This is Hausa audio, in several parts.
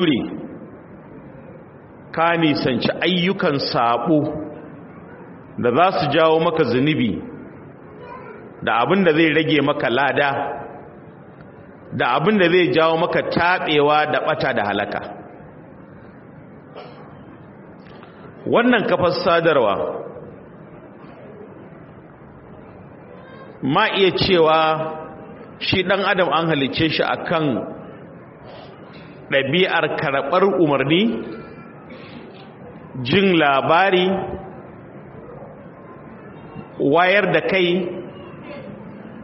wuri ka nisanci ayyukan sabo da za su jawo maka zunubi da abin da zai rage maka lada da abin da zai jawo maka taɓewa da ɓata da halaka wannan kafar sadarwa ma iya cewa shi ɗan adam an halicce shi akan ɗabi'ar karɓar umarni jin labari wayar da kai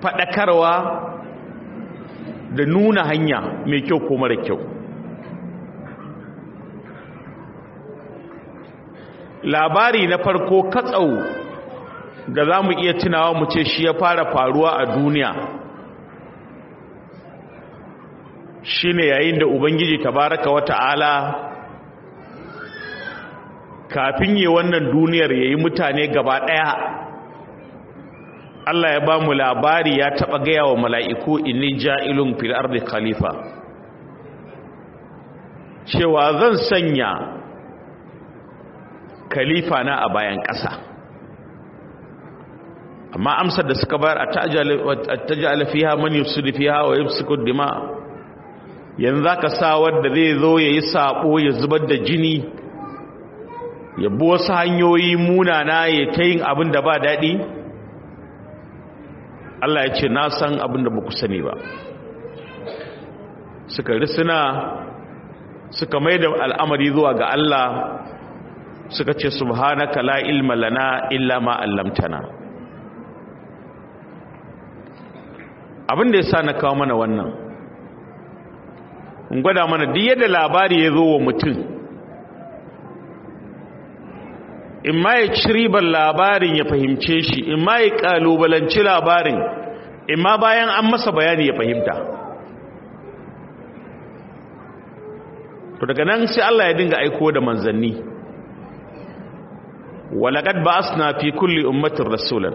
faɗakarwa da nuna hanya mai kyau ko mara kyau labari na farko katsau da za mu iya tunawa mu ce shi ya fara faruwa a duniya shine yayin da ubangiji tabaraka ala, kafin yi wannan duniyar yayi mutane gaba ɗaya. Allah ya ba mu labari ya taba gaya wa mala'iku inni ja'ilun fil ardi khalifa cewa zan sanya khalifa na a bayan ƙasa amma amsar da suka bayar a taj'al fiha man yufsidu fiha wa yumsiku dima yanzu aka sa wadda zai zo ya yi saɓo ya zubar da jini ya bi wasu hanyoyi munana ya ta yin abin da ba daɗi Allah ya ce na san abin da ba sani ba suka risina suka mai da al'amari zuwa ga Allah suka ce subhanaka la ilma lana illa ma 'allamtana abin da ya sa na kawo mana wannan in gwada mana duk yadda labari ya zo wa mutum in ma ya ci ribar labarin ya fahimce shi in ma ya kalubalanci labarin in ma bayan an masa bayani ya fahimta to daga nan sai Allah ya dinga aiko da manzanni walaqad ba'asna fi kulli ummatin rasulan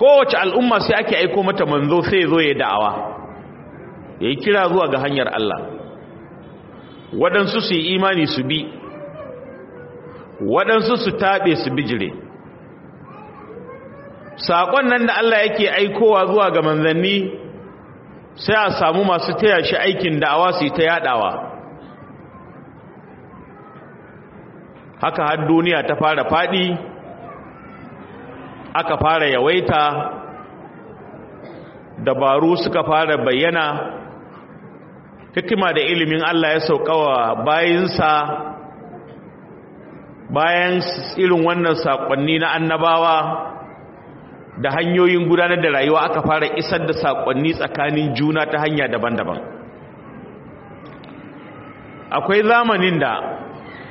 kowace al'umma sai ake aiko mata manzo sai zo ya da'awa ya yi kira zuwa ga hanyar Allah waɗansu su yi imani su bi waɗansu su taɓe su bijire saƙon nan da Allah yake aikowa zuwa ga manzanni sai a samu masu taya shi aikin da'awa su yi ta yaɗawa haka har duniya ta fara faɗi aka fara yawaita dabaru suka fara bayyana hikima da ilimin Allah ya saukawa bayinsa bayan irin wannan saƙonni na annabawa da hanyoyin gudanar da rayuwa aka fara isar da sakonni tsakanin juna ta hanya daban-daban akwai zamanin da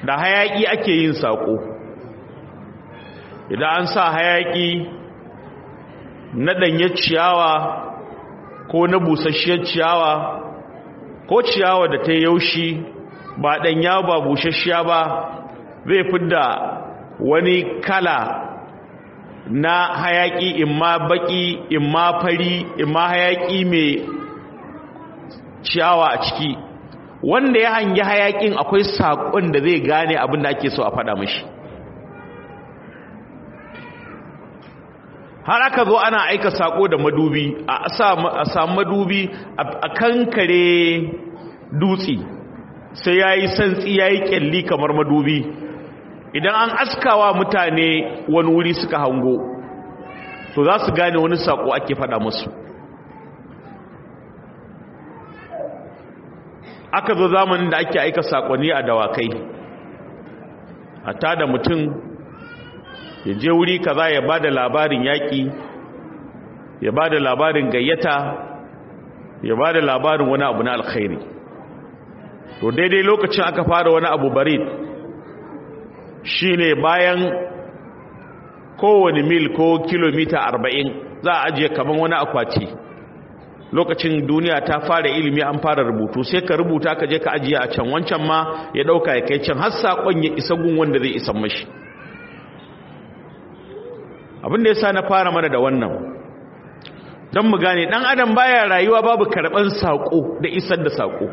da hayaki ake yin saƙo. idan an sa hayaƙi na ɗanyar ciyawa ko na busasshiyar ciyawa ko ciyawa da ta yaushi ba ɗanya ba bushashiya ba zai fidda wani kala na hayaƙi imma baƙi imma fari imma hayaƙi mai ciyawa a ciki wanda ya hangi hayaƙin akwai saƙon da zai gane abin da ake so a faɗa mashi har aka zo ana aika sako da madubi a samu madubi a kankare dutse sai ya yi santsi ya yi kyalli kamar madubi idan an askawa mutane wani wuri suka hango to za su gane wani sako ake fada musu aka zo zamanin da ake aika sakonni a dawakai a tada mutum ya je wuri kaza ya ba da labarin yaƙi ya ba da labarin gayyata ya ba da labarin wani abu na alkhairi to daidai lokacin aka fara wani abu shi ne bayan kowane mil ko kilomita arba'in za a ajiye kamar wani akwati lokacin duniya ta fara ilimi an fara rubutu sai ka rubuta ka je ka ajiye a can wancan ma ya ɗauka ya kai can har saƙon ya isa gun wanda zai isa mashi abin da ya sa na fara mana da wannan don mu gane dan adam baya rayuwa babu karban sako da isar da sako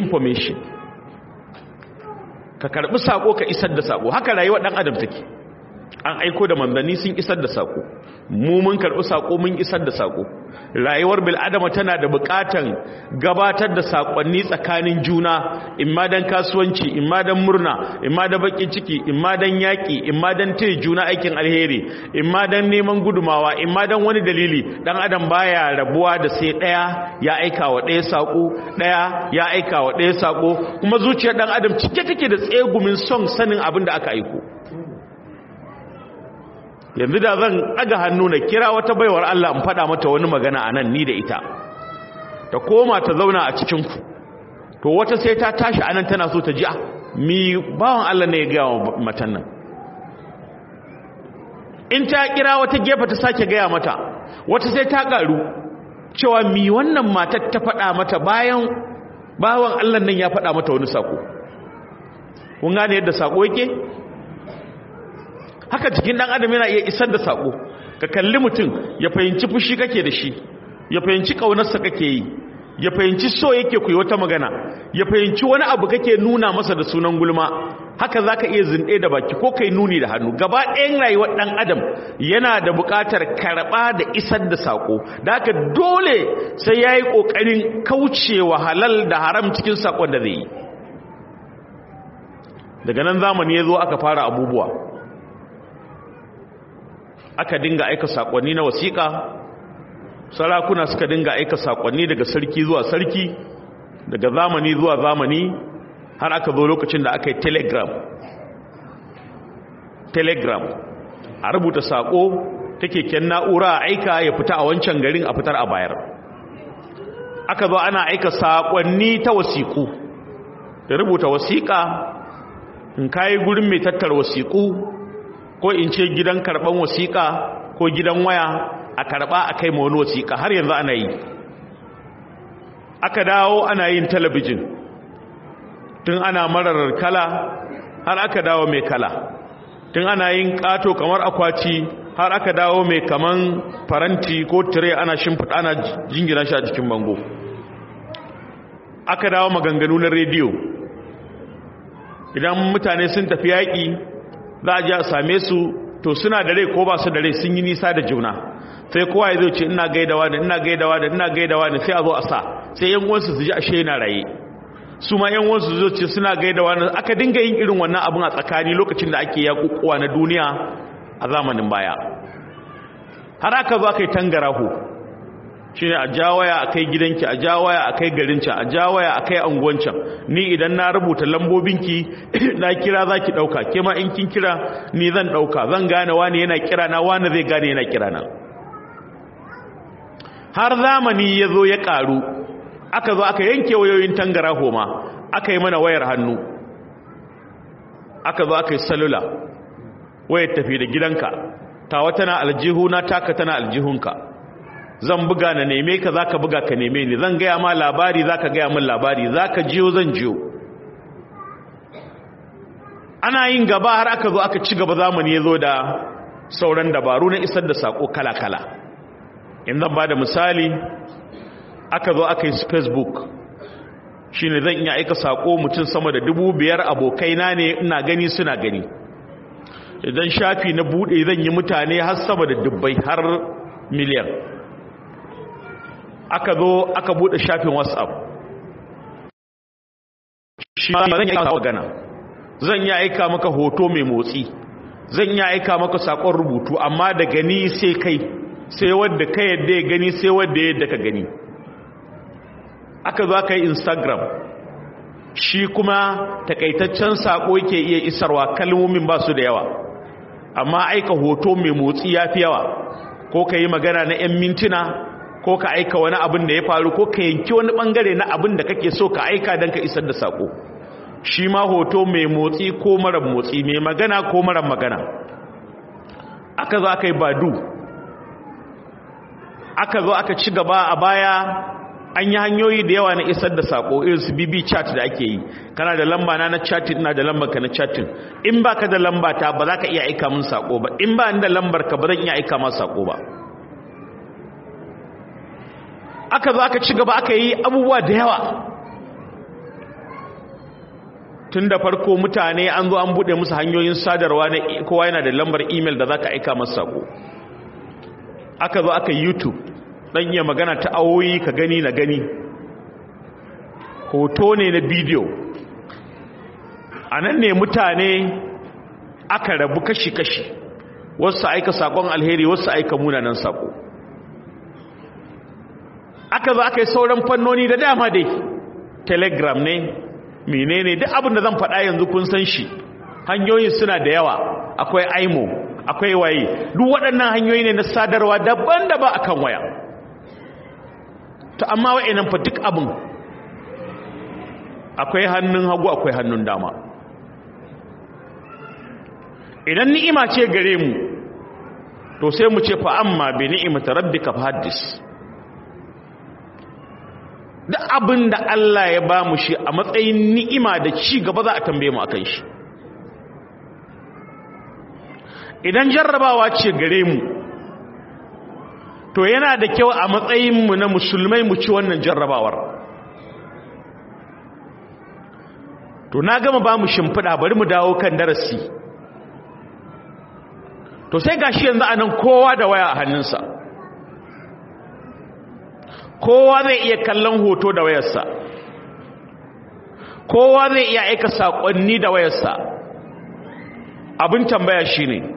information ka karbi sako ka isar da sako haka rayuwa dan adam take an aiko da manzanni sun isar da sako mu mun karɓi sako mun isar da sako rayuwar bil'adama tana da buƙatan gabatar da sakonni tsakanin juna imma dan kasuwanci imma dan murna imma da bakin ciki imma dan yaƙi imma dan taya juna aikin alheri imma dan neman gudumawa imma dan wani dalili dan adam baya rabuwa da sai ɗaya ya aika wa ɗaya sako ɗaya ya aika wa ɗaya sako kuma zuciyar ɗan adam cike take da tsegumin son sanin abin da aka aiko yanzu da zan ɗaga hannu na kira wata baiwar Allah in faɗa mata wani magana a nan ni da ita ta koma ta zauna a cikinku to wata sai ta tashi a nan tana so ta ji a ah, mi bawan Allah ne ya gaya wa matan nan in ta kira wata gefe ta sake gaya mata wata sai ta ƙaru cewa mi wannan matar ta faɗa mata bayan bawan Allah nan ya faɗa mata wani sako kun gane yadda sako yake haka jikin dan adam yana iya isar da sako ka kalli mutum ya fahimci fushi kake da shi ya fahimci kaunarsa kake yi ya fahimci so yake ku yi wata magana ya fahimci wani abu kake nuna masa da sunan gulma haka za ka iya zinɗe da baki ko kai nuni da hannu gaba ɗayan rayuwar ɗan adam yana da buƙatar karɓa da isar da saƙo da haka dole sai ya yi ƙoƙarin kaucewa halal da haram cikin saƙon da zai yi daga nan zamani ya zo aka fara abubuwa aka dinga aika sakonni na wasiƙa sarakuna suka dinga aika sakonni daga sarki zuwa sarki daga zamani zuwa zamani har aka zo lokacin da aka yi telegram telegram a rubuta sako ta keken na'ura a aika ya fita a wancan garin a fitar a bayar aka zo ana aika sakonni ta wasiƙu da rubuta wasiƙa in kayi gurin mai tattar wasiƙu ko in ce gidan karban wasiƙa ko gidan waya a karɓa a kai ma wani wasiƙa har yanzu ana yi aka dawo ana yin talabijin tun ana mararar kala har aka dawo mai kala tun ana yin ƙato kamar akwati har aka dawo mai kaman faranti ko tire ana shimfiɗa ana jingina shi a jikin bango aka dawo maganganu na rediyo idan mutane sun tafi yaƙi za a ji a same su to suna da rai ko ba su da rai sun yi nisa da juna sai kowa ya zo ce ina gaidawa da ina gaidawa da ina gaidawa da sai a zo a sa sai yan uwansu su ji ashe na raye su ma yan uwansu zo ce suna gaidawa na aka dinga yin irin wannan abin a tsakani lokacin da ake yakukuwa na duniya a zamanin baya har aka zo aka yi tangarahu shine a jawaya a kai gidanki a jawaya a kai garinci a jawaya a kai ni idan na rubuta lambobinki na kira za ki ɗauka ke ma in kin kira ni zan ɗauka zan gane wani yana kira na wani zai gane yana kira na har zamani ya zo ya karu aka zo aka yanke wayoyin tangara homa aka yi mana wayar hannu aka zo aka yi salula wayar tafi da gidanka tawa tana na taka tana aljihunka zan buga na neme ka za ka buga ka neme ni zan gaya ma labari za ka gaya min labari za ka jiyo zan jiyo ana yin gaba har aka zo aka ci gaba zamani ya zo da sauran dabaru na isar da sako kala-kala in zan ba da misali aka zo aka yi facebook shi ne zan iya aika sako mutum sama da dubu biyar abokaina ne ina gani suna gani idan shafi na buɗe zan yi mutane har sama da dubbai har miliyan aka zo aka bude shafin whatsapp shi ma zan yi magana zan yi aika maka hoto mai motsi zan yi aika maka sakon rubutu amma da gani sai kai sai wadda ka yadda ya gani sai wadda yadda ka gani aka zo aka yi instagram shi kuma takaitaccen sako yake iya isarwa kalmomin ba su da yawa amma aika hoto mai motsi ya fi yawa ko ka yi magana na 'yan mintuna ko ka aika wani abin da ya faru ko ka yanki wani bangare na abin da kake so ka aika don ka isar da sako shi ma hoto mai motsi ko mara motsi mai magana ko mara magana aka zo aka yi badu aka zo aka ci gaba a baya an yi hanyoyi da yawa na isar da sako irin su bb chat da ake yi kana da lamba na na chatting ina da lambar ka na chatting in ba ka da lamba ta ba za ka iya aika min sako ba in ba ni da lambar ka ba zan iya aika ma sako ba aka zo aka ci gaba aka yi abubuwa da yawa tun da farko mutane an zo an buɗe musu hanyoyin sadarwa na kowa yana da lambar imel da za ka aika masu sako aka zo aka youtube ɗan iya magana ta awoyi ka gani na gani hoto ne na bidiyo a nan ne mutane aka rabu kashi-kashi wasu aika sakon alheri wasu aika munanan sako aka zo aka yi sauran fannoni da dama dai telegram ne menene duk abin da zan faɗa yanzu kun san shi hanyoyin suna da yawa akwai aimo akwai waye duk waɗannan hanyoyi ne na sadarwa daban-daban akan waya to amma nan fa duk abin akwai hannun hagu akwai hannun dama idan ni'ima ce gare mu to sai mu ce fa amma bi ni'imata rabbika haddis. duk abin da Allah ya ba mu shi a matsayin ni'ima da ci gaba za a tambaye mu akan shi idan jarrabawa ce gare mu to yana da kyau a matsayin mu na musulmai mu ci wannan jarrabawar to na gama ba mu shimfiɗa bari mu dawo kan darasi to sai gashi yanzu anan kowa da waya a hannunsa kowa zai iya kallon hoto da wayarsa kowa zai iya aika saƙonni da wayarsa abin tambaya shine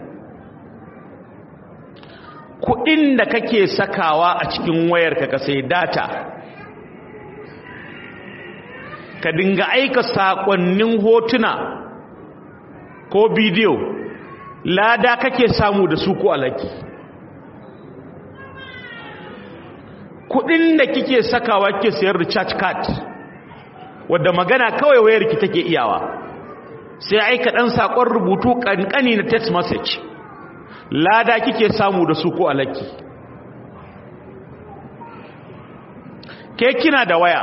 kuɗin da kake sakawa a cikin wayarka ka sai data ka dinga aika saƙonnin hotuna ko bidiyo lada kake samu da su ko alaki kudin da kike sakawa kike sayar da church card wadda magana kawai wayar ki take iyawa sai aika dan sakon rubutu kankani na text message lada kike samu da su ko alaki ke kina da waya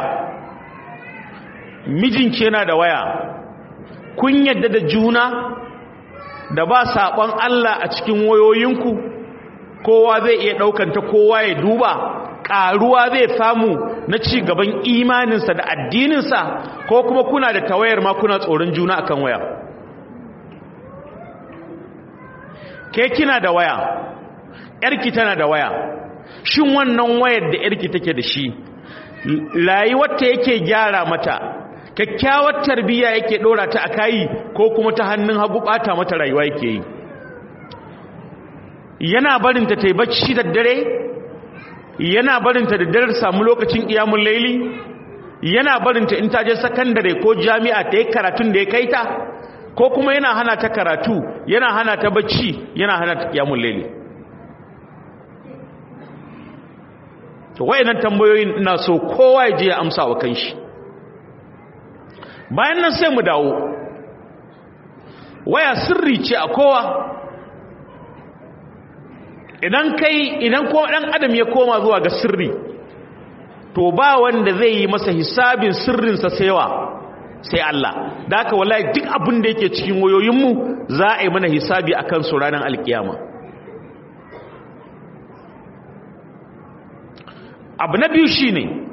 mijinki yana da waya kun yadda da juna da ba saƙon Allah a cikin wayoyinku kowa zai iya ɗaukanta kowa ya duba Karuwa zai samu na ci gaban imaninsa da addininsa ko kuma kuna da tawayar ma kuna tsoron juna akan waya ke kina da waya yarki tana da waya shin wannan wayar da yarki take da shi layuwarta yake gyara mata kyakkyawar tarbiyya yake dora ta a kayi ko kuma ta hannun hagu bata mata rayuwa yake yi yana barin ta yi bacci da dare yana barinta da dare samu lokacin iyamun laili yana barinta in ta je sakandare ko jami'a ta yi karatun da ya kai ta ko kuma yana hana ta karatu yana hana ta bacci yana hana ta iyamun laili to wayannan tambayoyin ina so kowa ya je ya amsa wa kanshi bayan nan sai mu dawo waya sirri ce a kowa idan kai idan ko dan adam ya koma zuwa ga sirri to ba wanda zai yi masa hisabin sirrinsa sai sai Allah da haka wallahi duk abin da yake cikin wayoyinmu za a yi mana hisabi akan su ranar alkiyama abu na biyu ne.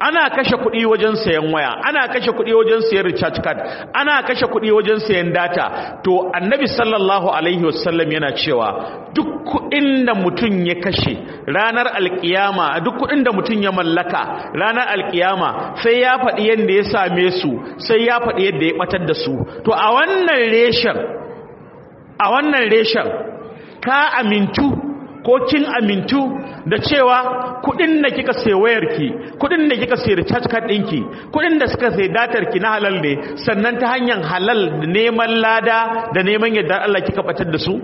ana kashe kuɗi wajen sayan waya ana kashe kuɗi wajen sayan recharge card ana kashe kuɗi wajen sayan data to annabi sallallahu alaihi wasallam yana cewa duk kuɗin da mutum ya kashe ranar alkiyama duk kuɗin da mutum ya mallaka ranar alkiyama sai ya faɗi yadda ya same su sai ya faɗi yadda ya ɓatar da su to a wannan reshen a wannan reshen ka amintu ko kin amintu da cewa kudin da kika sayi wayarki kudin da kika sayi recharge card dinki kudin da suka sayi datar ki na halal ne sannan ta hanyar halal da neman lada da neman yadda Allah kika batar da su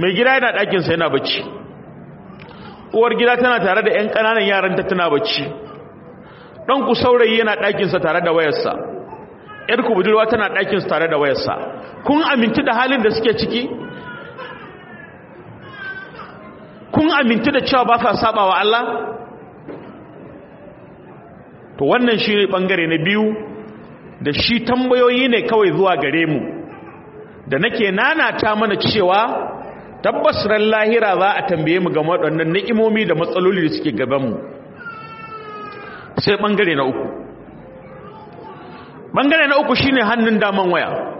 mai gida yana ɗakin sa yana bacci uwar gida tana tare da ƴan ƙananan yaran ta tana bacci dan ku saurayi yana ɗakin sa tare da wayarsa ƴar ku budurwa tana ɗakin sa tare da wayarsa kun aminci da halin da suke ciki kun aminta da cewa ba sa saba wa Allah to wannan shi bangare na biyu da shi tambayoyi ne kawai zuwa gare mu da nake nanata mana cewa tabbas ran lahira za a tambaye mu game waɗannan ni'imomi da matsaloli da suke gaban mu sai bangare na uku bangare na uku shine hannun daman waya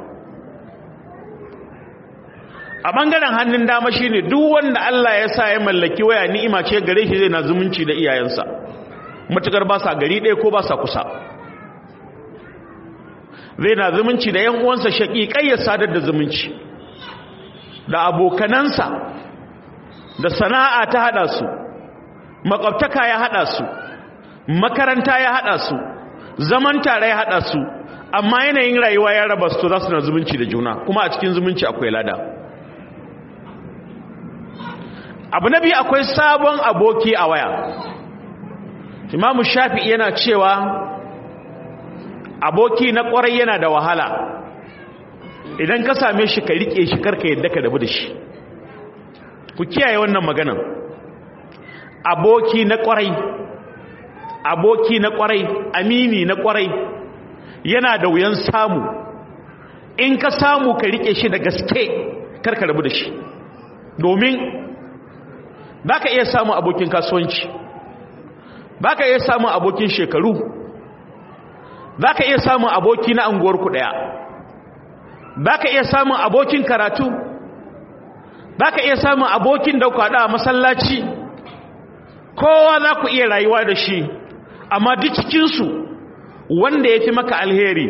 a bangaren hannun dama shi shine duk wanda Allah ya sa ya mallaki waya ni'ima ce gare shi zai na zumunci da iyayensa matukar ba sa gari ɗaya ko ba sa kusa zai na zumunci da yan uwansa shaƙiƙai ya sadar da zumunci da abokanansa da sana'a ta haɗa su makwabtaka ya haɗa su makaranta ya haɗa su zaman tare ya haɗa su amma yanayin rayuwa ya raba su za su na zumunci da juna kuma a cikin zumunci akwai lada abu na biyu akwai sabon aboki a waya imamu shafi yana cewa aboki na kwarai yana da wahala idan ka same shi ka rike shi karka yadda ka dabu da shi ku kiyaye wannan magana. aboki na kwarai aboki na kwarai amini na kwarai yana da wuyan samu in ka samu ka rike shi da gaske karka rabu da shi domin baka iya samun abokin kasuwanci baka iya samun abokin shekaru baka iya samun aboki na anguwar ku daya baka iya samun abokin karatu baka iya samun abokin da kwada a masallaci kowa za ku iya rayuwa da shi amma duk cikin su wanda yafi maka alheri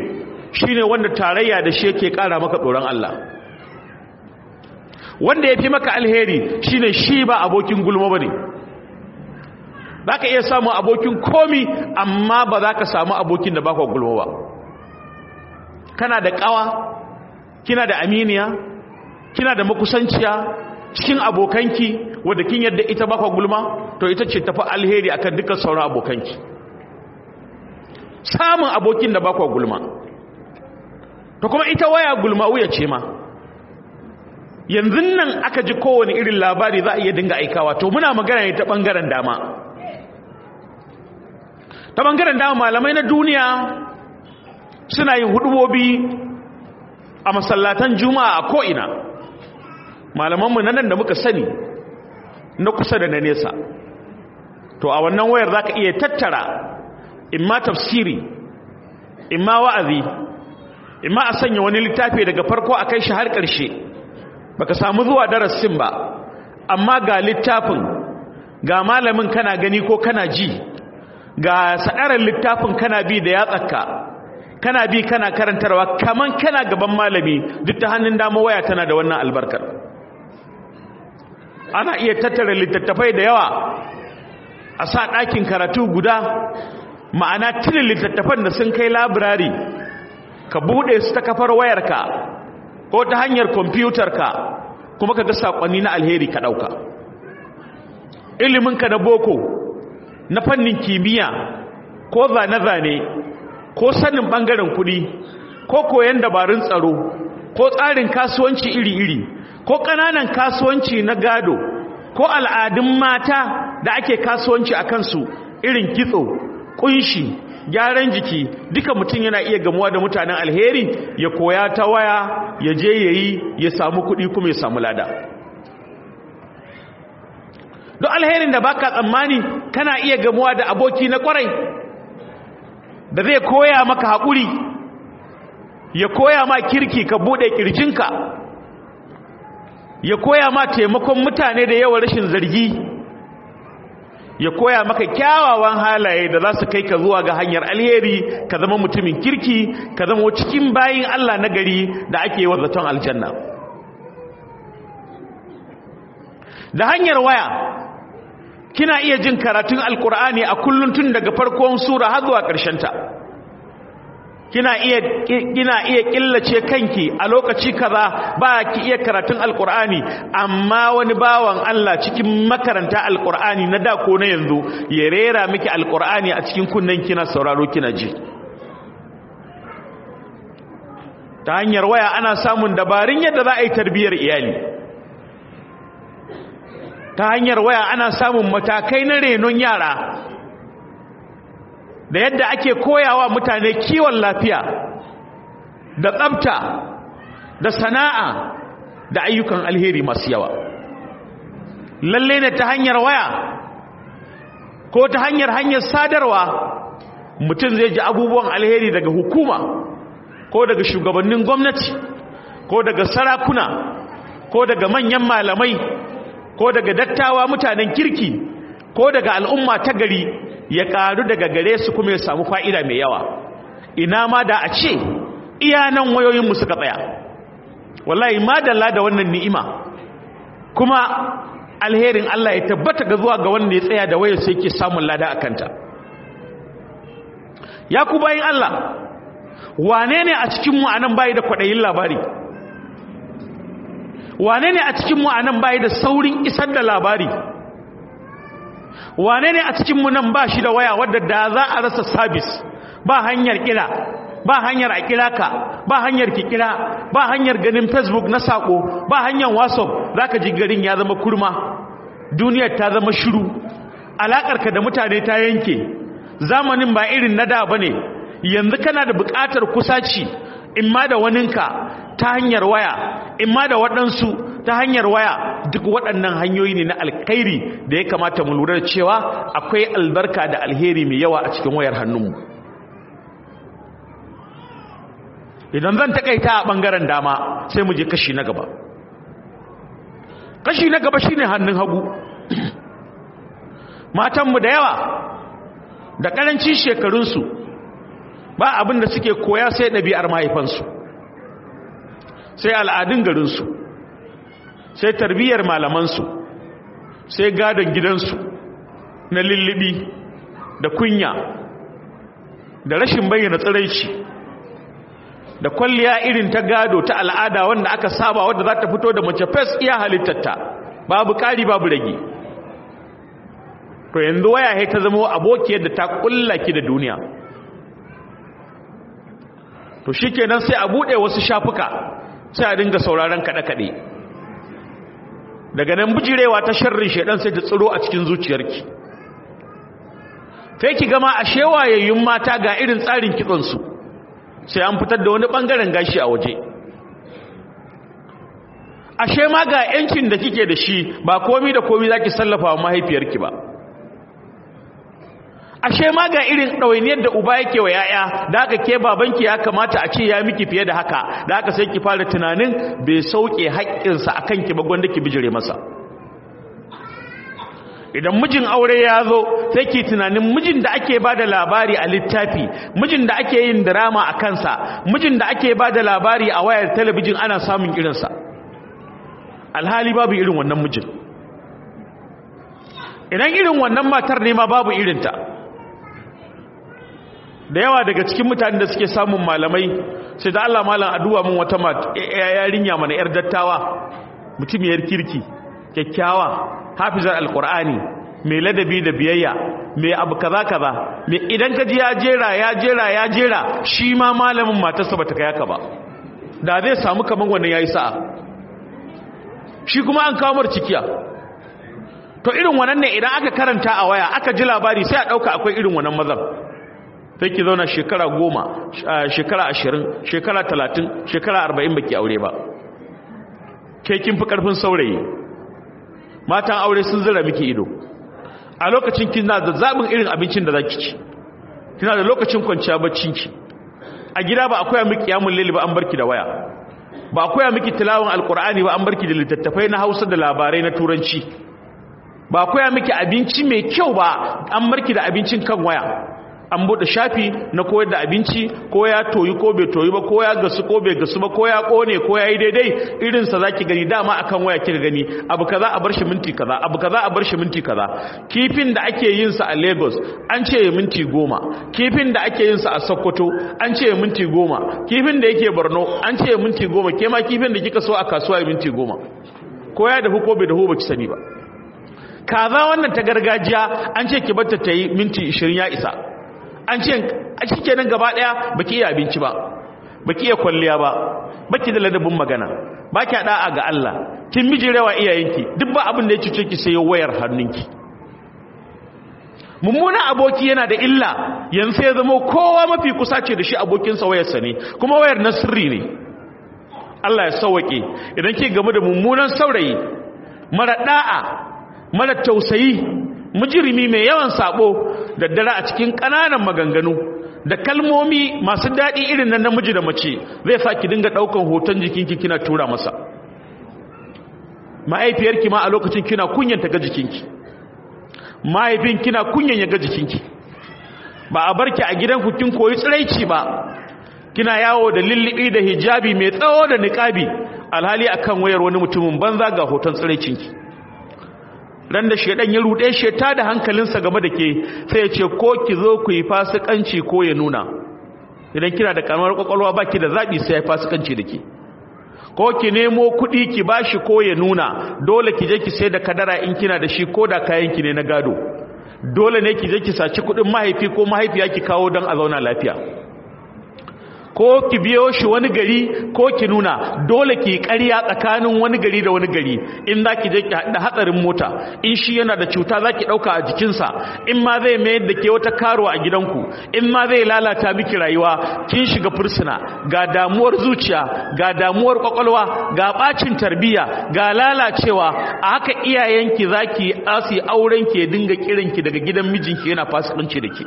shine wanda tarayya da shi yake kara maka tsoron Allah wanda ya fi maka alheri shine shi ba abokin gulma ba ne za ka iya samun abokin komi amma ba za ka samu abokin da bakwa gulma ba kana da kawa kina da aminiya kina da makusanciya cikin abokanki wadda kin yadda ita bakwa gulma to ita ce tafi alheri akan dukkan sauran abokanki samun abokin da bakwa gulma to kuma ita waya gulma wuya ce ma yanzu nan aka ji kowane irin labari za a iya dinga aikawa to muna magana ne ta bangaren dama ta bangaren dama malamai na duniya suna yin hudubobi a masallatan juma'a a ko'ina malamanmu na nan da muka sani na kusa da na nesa to a wannan wayar za ka iya tattara imma tafsiri imma wa'azi imma a sanya wani littafi daga farko a kai shi har ƙarshe baka samu zuwa darasin ba amma ga littafin ga malamin kana gani ko kana ji ga sa'arar littafin kana bi da yatsaka kana bi kana karantarwa kaman kana gaban malami duk ta hannun dama waya tana da wannan albarkar ana iya tattara littattafai da yawa a sa ɗakin karatu guda ma'ana tilin littattafan da sun kai labirari ka buɗe su ta kafar wayarka ko ta hanyar ka kuma ka ga saƙonni na alheri ka ɗauka iliminka na boko na fannin kimiyya ko zane-zane ko sanin ɓangaren kuɗi ko koyon dabarun tsaro ko tsarin kasuwanci iri-iri ko ƙananan kasuwanci na gado ko al'adun mata da ake kasuwanci a kansu irin kitso ƙunshi gyaran jiki duka mutum yana iya gamuwa da mutanen alheri ya koya ta waya ya je ya yi ya samu kuɗi kuma ya samu lada don alherin da baka tsammani kana iya gamuwa da aboki na kwarai da zai koya maka haƙuri ya koya ma kirki ka buɗe ƙirjinka ya koya ma taimakon mutane da yawa rashin zargi ya koya maka kyawawan halaye da za su kai ka zuwa ga hanyar alheri ka zama mutumin kirki ka zama cikin bayin Allah na gari da ake wa zaton aljanna da hanyar waya kina iya jin karatun alkur'ani a kullum tun daga farkon sura har zuwa ƙarshen ta kina iya kina iya killace kanki a lokaci kaza ba ki iya karatun alqur'ani amma wani bawan Allah cikin makaranta alqur'ani na da ko na yanzu ya rera miki alqur'ani a cikin kunnen kina sauraro kina ji ta hanyar waya ana samun dabarun yadda za a yi tarbiyyar iyali ta hanyar waya ana samun matakai na renon yara da yadda ake koyawa mutane kiwon lafiya da tsabta da sana'a da ayyukan alheri masu yawa lalle ne ta hanyar waya ko ta hanyar hanyar sadarwa mutum zai ji abubuwan alheri daga hukuma ko daga shugabannin gwamnati ko daga sarakuna ko daga manyan malamai ko daga dattawa mutanen kirki ko daga al'umma ta gari ya karu daga gare su kuma ya samu fa'ida mai yawa ina ma da a ce iya nan wayoyinmu suka tsaya wallahi madalla da wannan ni'ima kuma alherin Allah ya tabbata ga zuwa ga wanda ya tsaya da wayar sai ke samun lada a kanta ya ku bayin Allah wane ne a cikinmu a nan bayi da kwaɗayin labari wane ne a cikinmu a nan bayi da saurin isar da labari wane ne a cikinmu nan ba shi da waya wadda da za a rasa sabis ba hanyar kila ba hanyar a ka ba hanyar kikila ba hanyar ganin facebook na sako ba hanyar whatsapp za ka ji garin ya zama kurma duniyar ta zama shiru alaƙarka da mutane ta yanke zamanin ba irin na da ba ne yanzu kana da buƙatar kusaci in ma da waninka ta hanyar waya in ma da waɗansu ta hanyar waya duk waɗannan hanyoyi ne na alkhairi da ya kamata mu lura da cewa akwai albarka da alheri mai yawa a cikin wayar hannunmu idan zan takaita a ɓangaren dama sai mu je kashi na gaba kashi na gaba shine hannun hagu matanmu da yawa da ƙarancin shekarunsu ba abin da suke koya sai ɗabi'ar mahaifansu sai al'adun garinsu sai tarbiyyar malamansu sai gadon gidansu na lullubi da kunya da rashin bayyana tsiraici da kwalliya irin ta gado ta al'ada wanda aka saba wadda za ta fito da mace fes iya halittarta babu kari babu rage to yanzu waya ya ta zama abokiyar da ta kulla ki da duniya to shi shikenan sai a bude wasu shafuka sai a dinga sauraron kaɗe-kaɗe daga nan bijirewa ta sharri shaidan sai ta tsiro a cikin zuciyarki sai ki gama a shewayayyun mata ga irin tsarin su sai an fitar da wani bangaren gashi a waje ashe ma ga yankin da kike da shi ba komi da komi zaki sallafa wa mahaifiyarki ba ashe ma ga irin ɗawainiyar da uba yake wa yaya da haka ke babanki ya kamata a ce ya miki fiye da haka da haka sai ki fara tunanin bai sauke haƙƙinsa a ki ba gwanda ki bijire masa idan mijin aure ya zo sai ki tunanin mijin da ake ba da labari a littafi mijin da ake yin drama a kansa mijin da ake ba da labari a wayar talabijin ana samun irinsa alhali babu irin wannan mijin idan irin wannan matar ne ma babu irinta da yawa daga cikin mutane da suke samun malamai sai da Allah malam addu'a mun wata yarinya mana yar dattawa mutumiyar kirki kyakkyawa hafizar alqur'ani mai ladabi da biyayya mai abu kaza kaza mai idan ka ji ya jera ya jera ya jera shi ma malamin matarsa bata kai ka ba da zai samu kaman wannan yayi sa'a shi kuma an kawo mar cikiya to irin wannan ne idan aka karanta a waya aka ji labari sai a dauka akwai irin wannan mazan sai ki zauna shekara goma shekara ashirin shekara talatin shekara arba'in baki aure ba ke kin fi karfin saurayi matan aure sun zira miki ido a lokacin kina da zaɓin irin abincin da za ki ci kina da lokacin kwanciya baccin ki a gida ba a akwai miki yamun lili ba an barki da waya ba a koya miki tilawon alkur'ani ba an barki da littattafai na hausa da labarai na turanci ba a koya miki abinci mai kyau ba an barki da abincin kan waya an bude shafi na koyar da abinci ko ya toyi ko bai toyi ba ko ya gasu ko bai gasu ba ko ya kone ko ya yi daidai irin za ki gani dama akan waya kika gani abu kaza a bar shi minti kaza abu kaza a bar shi minti kaza kifin da ake yin sa a Lagos an ce ya minti goma kifin da ake yin sa a Sokoto an ce ya minti goma kifin da yake Borno an ce ya minti goma ke ma kifin da kika so a kasuwa ya minti goma ko ya dahu ko bai dahu ba ki sani ba kaza wannan ta gargajiya an ce ki bar ta yi minti 20 ya isa an ce a cikin nan gaba daya baki iya abinci ba baki iya kwalliya ba baki da ladabin magana baki da'a ga Allah kin miji rawa iyayenki duk ba abin da ya cuce ki sai wayar hannunki mummunan aboki yana da illa yanzu ya zama kowa mafi kusa ce da shi abokinsa wayarsa ne kuma wayar na sirri ne Allah ya sauwake idan ke gamu da mummunan saurayi mara da'a mara tausayi mujirimi mai yawan sabo da dare a cikin kananan maganganu da kalmomi masu daɗi irin nan namiji da mace zai sa ki dinga ɗaukan hoton jikinki kina tura masa mahaifiyarki ma a lokacin kina kunyan ga jikinki mahaifin kina kunyan ya ga jikinki ba a barki a gidanku kin koyi tsiraici ba kina yawo da lillibi da hijabi mai tsawo da niƙabi alhali akan wayar wani mutumin banza ga hoton tsiraicinki Dan da shedan ya rude shi ta da hankalinsa game da ke sai ya ce ko ki zo ku yi fasikanci ko ya nuna idan kina da karamar kwakwalwa baki da zabi sai ya fasikanci da ke ko ki nemo kuɗi ki bashi ko ya nuna dole ki je ki sai da kadara in kina da shi ko da kayan ki ne na gado dole ne ki je ki saci kuɗin mahaifi ko mahaifiya ki kawo dan a zauna lafiya ko ki biyo shi wani gari ko ki nuna dole ki ƙarya tsakanin wani gari da wani gari in za ki je ki hatsarin mota in shi yana da cuta za ki ɗauka a jikinsa in ma zai mayar da ke wata karo a gidanku in ma zai lalata miki rayuwa kin shiga fursuna ga damuwar zuciya ga damuwar kwakwalwa ga ɓacin tarbiyya ga lalacewa a haka iyayenki za ki asi auren ki ya dinga kiranki daga gidan mijinki yana fasikanci da ki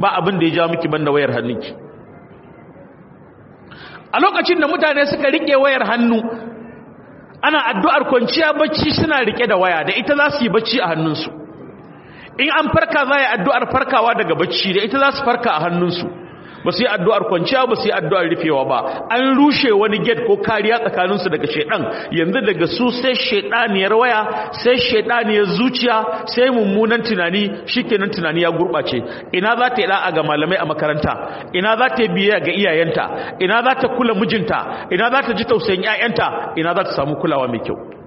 ba abin da ya ja miki banda wayar hannunki a lokacin da mutane suka rike wayar hannu ana addu'ar kwanciya bacci suna rike da waya da ita za su yi bacci a hannunsu in an farka za a yi addu'ar farkawa daga bacci da ita za su farka a hannunsu ba su yi addu'ar kwanciya ba su yi addu'ar rufewa ba an rushe wani gate ko kariya tsakanin su daga shaidan yanzu daga su sai shaidaniyar waya sai shaidaniyar zuciya sai mummunan tunani shikenan tunani ya gurɓace ina za ta yi da'a ga malamai a makaranta ina za ta biya ga iyayenta ina za ta kula mijinta ina za ta ji tausayin 'ya'yanta ina za ta samu kulawa mai kyau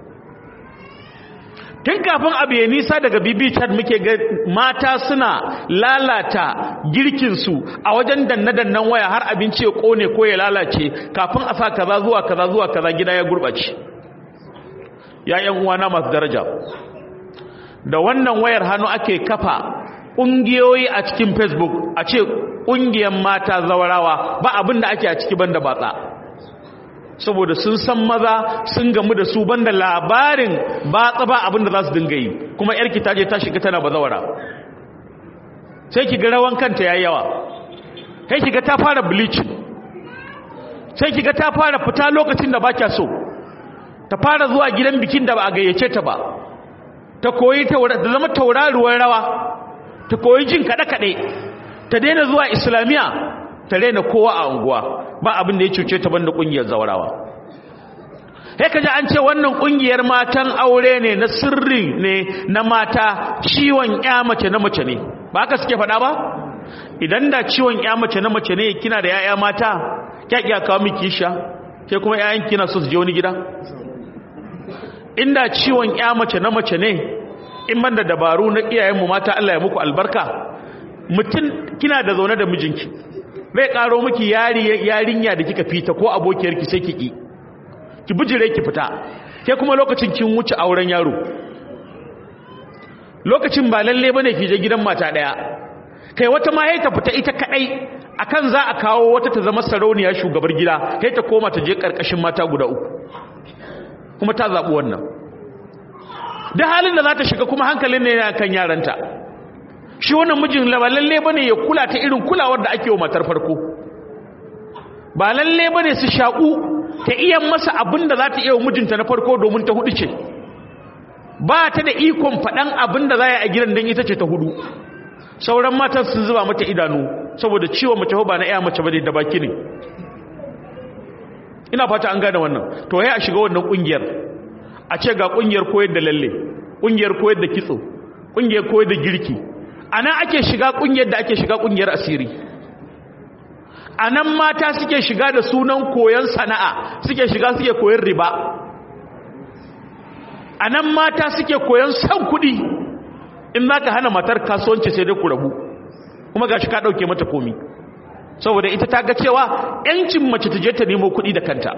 tun kafin abu ya nisa daga bibi chat muke ga mata suna lalata girkinsu a wajen danna-dannan waya har abinci ya kone ko ya lalace kafin a sa kaza zuwa kaza zuwa kaza gida ya gurɓace ya uwana masu daraja da wannan wayar hannu ake kafa ƙungiyoyi a cikin facebook a ce ƙungiyar mata zawarawa ba abin da ake a ciki ban da batsa saboda sun san maza sun gamu da su banda labarin ba tsaba abin za su dinga yi kuma yarki ta je ta shiga tana bazawara sai ki ga rawan kanta yayi yawa sai ki ga ta fara bleaching sai ki ga ta fara fita lokacin da ba so ta fara zuwa gidan bikin da ba a gayyace ta ba ta koyi ta zama tauraruwar rawa ta koyi jin kaɗe-kaɗe ta daina zuwa islamiyya ta daina kowa a unguwa ba abin da ya cuce ta banda kungiyar zawarawa. sai kaje an ce wannan kungiyar matan aure ne na sirri ne na mata ciwon ƴa mace na mace ne ba haka suke faɗa ba idan da ciwon ƴa mace na mace ne kina da yaya mata kyakkya kawo miki sha ke kuma yayan kina so su je wani gida inda ciwon ƴa mace na mace ne in ban dabaru na iyayenmu mata Allah ya muku albarka mutum kina da zaune da mijinki mai karo miki yarinya da kika fita ko abokiyar ki sai ki ki ki bijire ki fita ke kuma lokacin kin wuce auren yaro lokacin ba lalle bane ki je gidan mata daya kai wata ma hayta fita ita kadai akan za a kawo wata ta zama sarauniya shugabar gida kai ta koma ta je karkashin mata guda uku kuma ta zabu wannan da halin da za ta shiga kuma hankalin ne kan yaranta shi wannan mijin ba lalle bane ya kula ta irin kulawar da ake wa matar farko ba lalle bane su shaƙu ta iya masa abin da za ta iya wa mijinta na farko domin ta hudu ce ba ta da ikon faɗan abin da za a gidan don ita ce ta hudu sauran matan sun zuba mata idanu saboda ciwon mace ba na iya mace bane da baki ne ina fata an gane wannan to ya a shiga wannan kungiyar a ce ga ƙungiyar koyar da lalle kungiyar koyar da kitso ƙungiyar koyar da girki nan ake shiga kungiyar da ake shiga kungiyar asiri anan mata suke shiga da sunan koyon sana'a suke shiga suke koyon riba anan mata suke koyon san kudi in zaka hana matar kasuwanci sai dai ku rabu kuma gashi ka ɗauke mata komi saboda ita ta ga cewa yancin mace ta je ta nemo kuɗi da kanta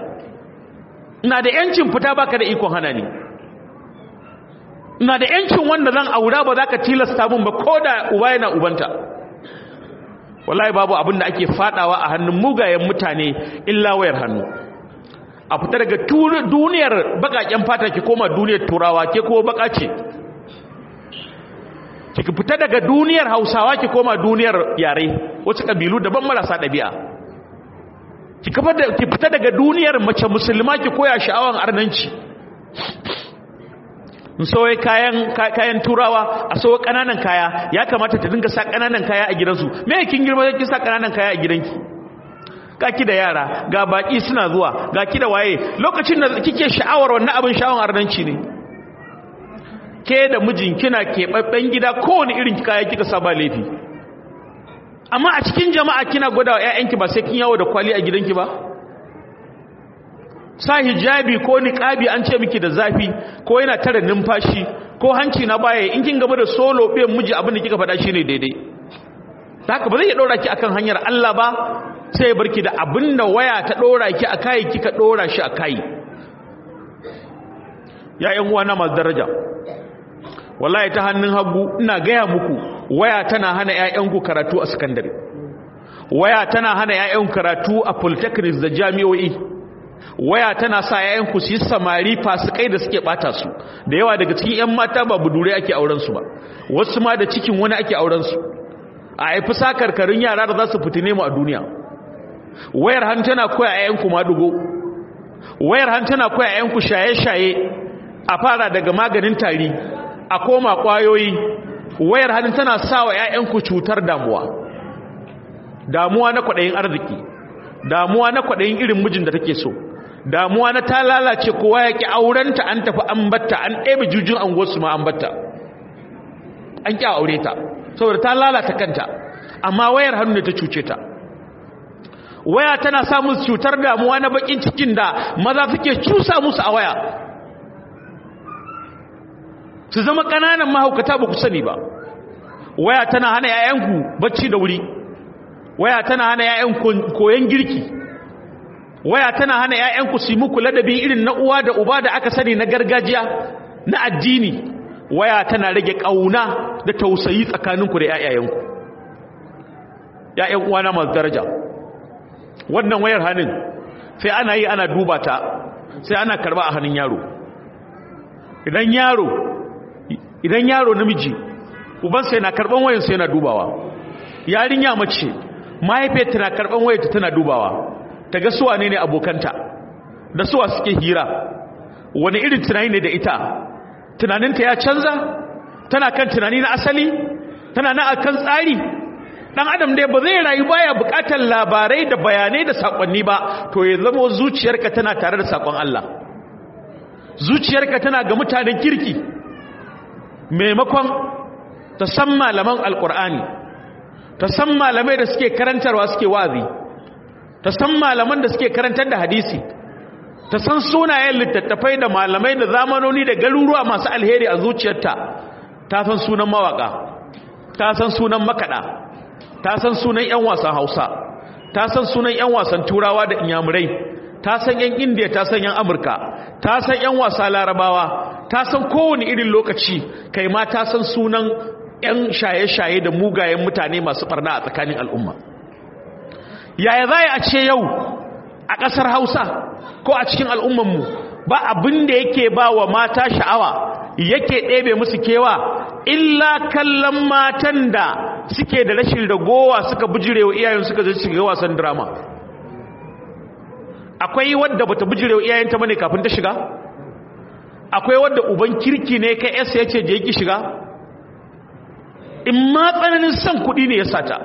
ina da yancin fita baka da ikon hana ni na da yancin wanda zan aura ba za ka tilasta mun ba ko da uba yana ubanta wallahi babu abin da ake fadawa a hannun mugayen mutane illa wayar hannu a fita daga duniyar bakaken fata ki koma duniyar turawa ke ko baka ce ki fita daga duniyar hausawa ki koma duniyar yare wacce kabilu daban marasa ɗabi'a ki fita daga duniyar mace musulma ki koya sha'awan arnanci in kayan kayan turawa a soye kananan kaya ya kamata ta dinga sa kananan kaya a gidansu me kin girma kin sa kananan kaya a gidanki ga ki da yara ga baki suna zuwa ga ki da waye lokacin da kike sha'awar wannan abin sha'awar ardanci ne ke da mijin kina keɓaɓɓen gida kowane irin kaya kika saba ba laifi amma a cikin jama'a kina gwada wa ƴaƴanki ba sai kin yawo da kwali a gidanki ba sa hijabi ko niqabi an ce miki da zafi ko yana tare numfashi ko hanci na baya in kin gaba da solo biyan miji abin da kika faɗa shine daidai haka ba zai dora ki akan hanyar Allah ba sai barki da abin da waya ta dora ki a kai kika dora shi a kai ya yan uwa na masu daraja wallahi ta hannun hagu ina gaya muku waya tana hana ku karatu a sakandare waya tana hana ya'yan karatu a polytechnics da jami'o'i waya tana sa yayan ku su samari fasikai da suke bata su da yawa daga cikin yan mata ba budure ake auren su ba wasu ma da cikin wani ake auren su a haifi sakarkarin yara da za su fitine mu a duniya wayar hannu tana koya yayan ku madugo wayar hannu tana koya yayan ku shaye-shaye a fara daga maganin tari a koma kwayoyi wayar hannu tana sa wa yayan ku cutar damuwa damuwa na kwaɗayin arziki damuwa na kwaɗayin irin mijin da take so damuwa na ta lalace kowa ya ki aurenta an tafi an batta an ɗebe jujun gosu ma an batta an ƙi aure ta saboda ta lalata kanta amma wayar hannu ne ta cuce ta waya tana samun cutar damuwa na bakin cikin da maza suke cusa musu a waya su zama ƙananan mahaukata ba ku sani ba waya tana hana 'ya'yanku bacci da wuri waya tana hana 'ya'yan koyon girki waya tana hana 'ya'yanku su muku ladabi irin na uwa da uba da aka sani na gargajiya na addini waya tana rage ƙauna da tausayi tsakaninku da 'ya'yayenku ‘ya'yan uwana masu daraja wannan wayar hannun sai ana yi ana duba ta sai ana karba a hannun yaro idan yaro idan yaro namiji ubansa yana karban wayansa yana dubawa yarinya mace mahaifiyar tana karban wayarta tana dubawa ta ga suwa ne ne abokanta da suwa suke hira wani irin tunani ne da ita tunaninta ya canza tana kan tunani na asali tana na akan tsari dan adam dai ba zai rayu baya bukatar labarai da bayanai da sakonni ba to ya zama zuciyarka tana tare da sakon Allah zuciyarka tana ga mutanen kirki maimakon ta san malaman alkur'ani ta san malamai da suke karantarwa suke wazi ta san malaman da suke karantar da hadisi ta san sunayen littattafai da malamai da zamanoni da garuruwa masu alheri a zuciyarta ta san sunan mawaka ta san sunan makada ta san sunan yan wasan hausa ta san sunan yan wasan turawa da inyamurai ta san yan indiya ta san yan amurka ta san yan wasa larabawa ta san kowane irin lokaci kai ma ta san sunan yan shaye-shaye da mugayen mutane masu barna a tsakanin al'umma yaya za a ce yau a ƙasar hausa ko a cikin al'ummanmu ba abin da yake ba wa mata sha'awa yake ɗebe musu kewa illa kallon matan da suke da rashin da gowa suka wa iyayen suka zai shiga wasan drama akwai wadda bata iyayen iyayenta bane kafin ta shiga akwai wadda uban kirki ne kai yarsa yace je ki shiga in ma tsananin son kuɗi ne ya sata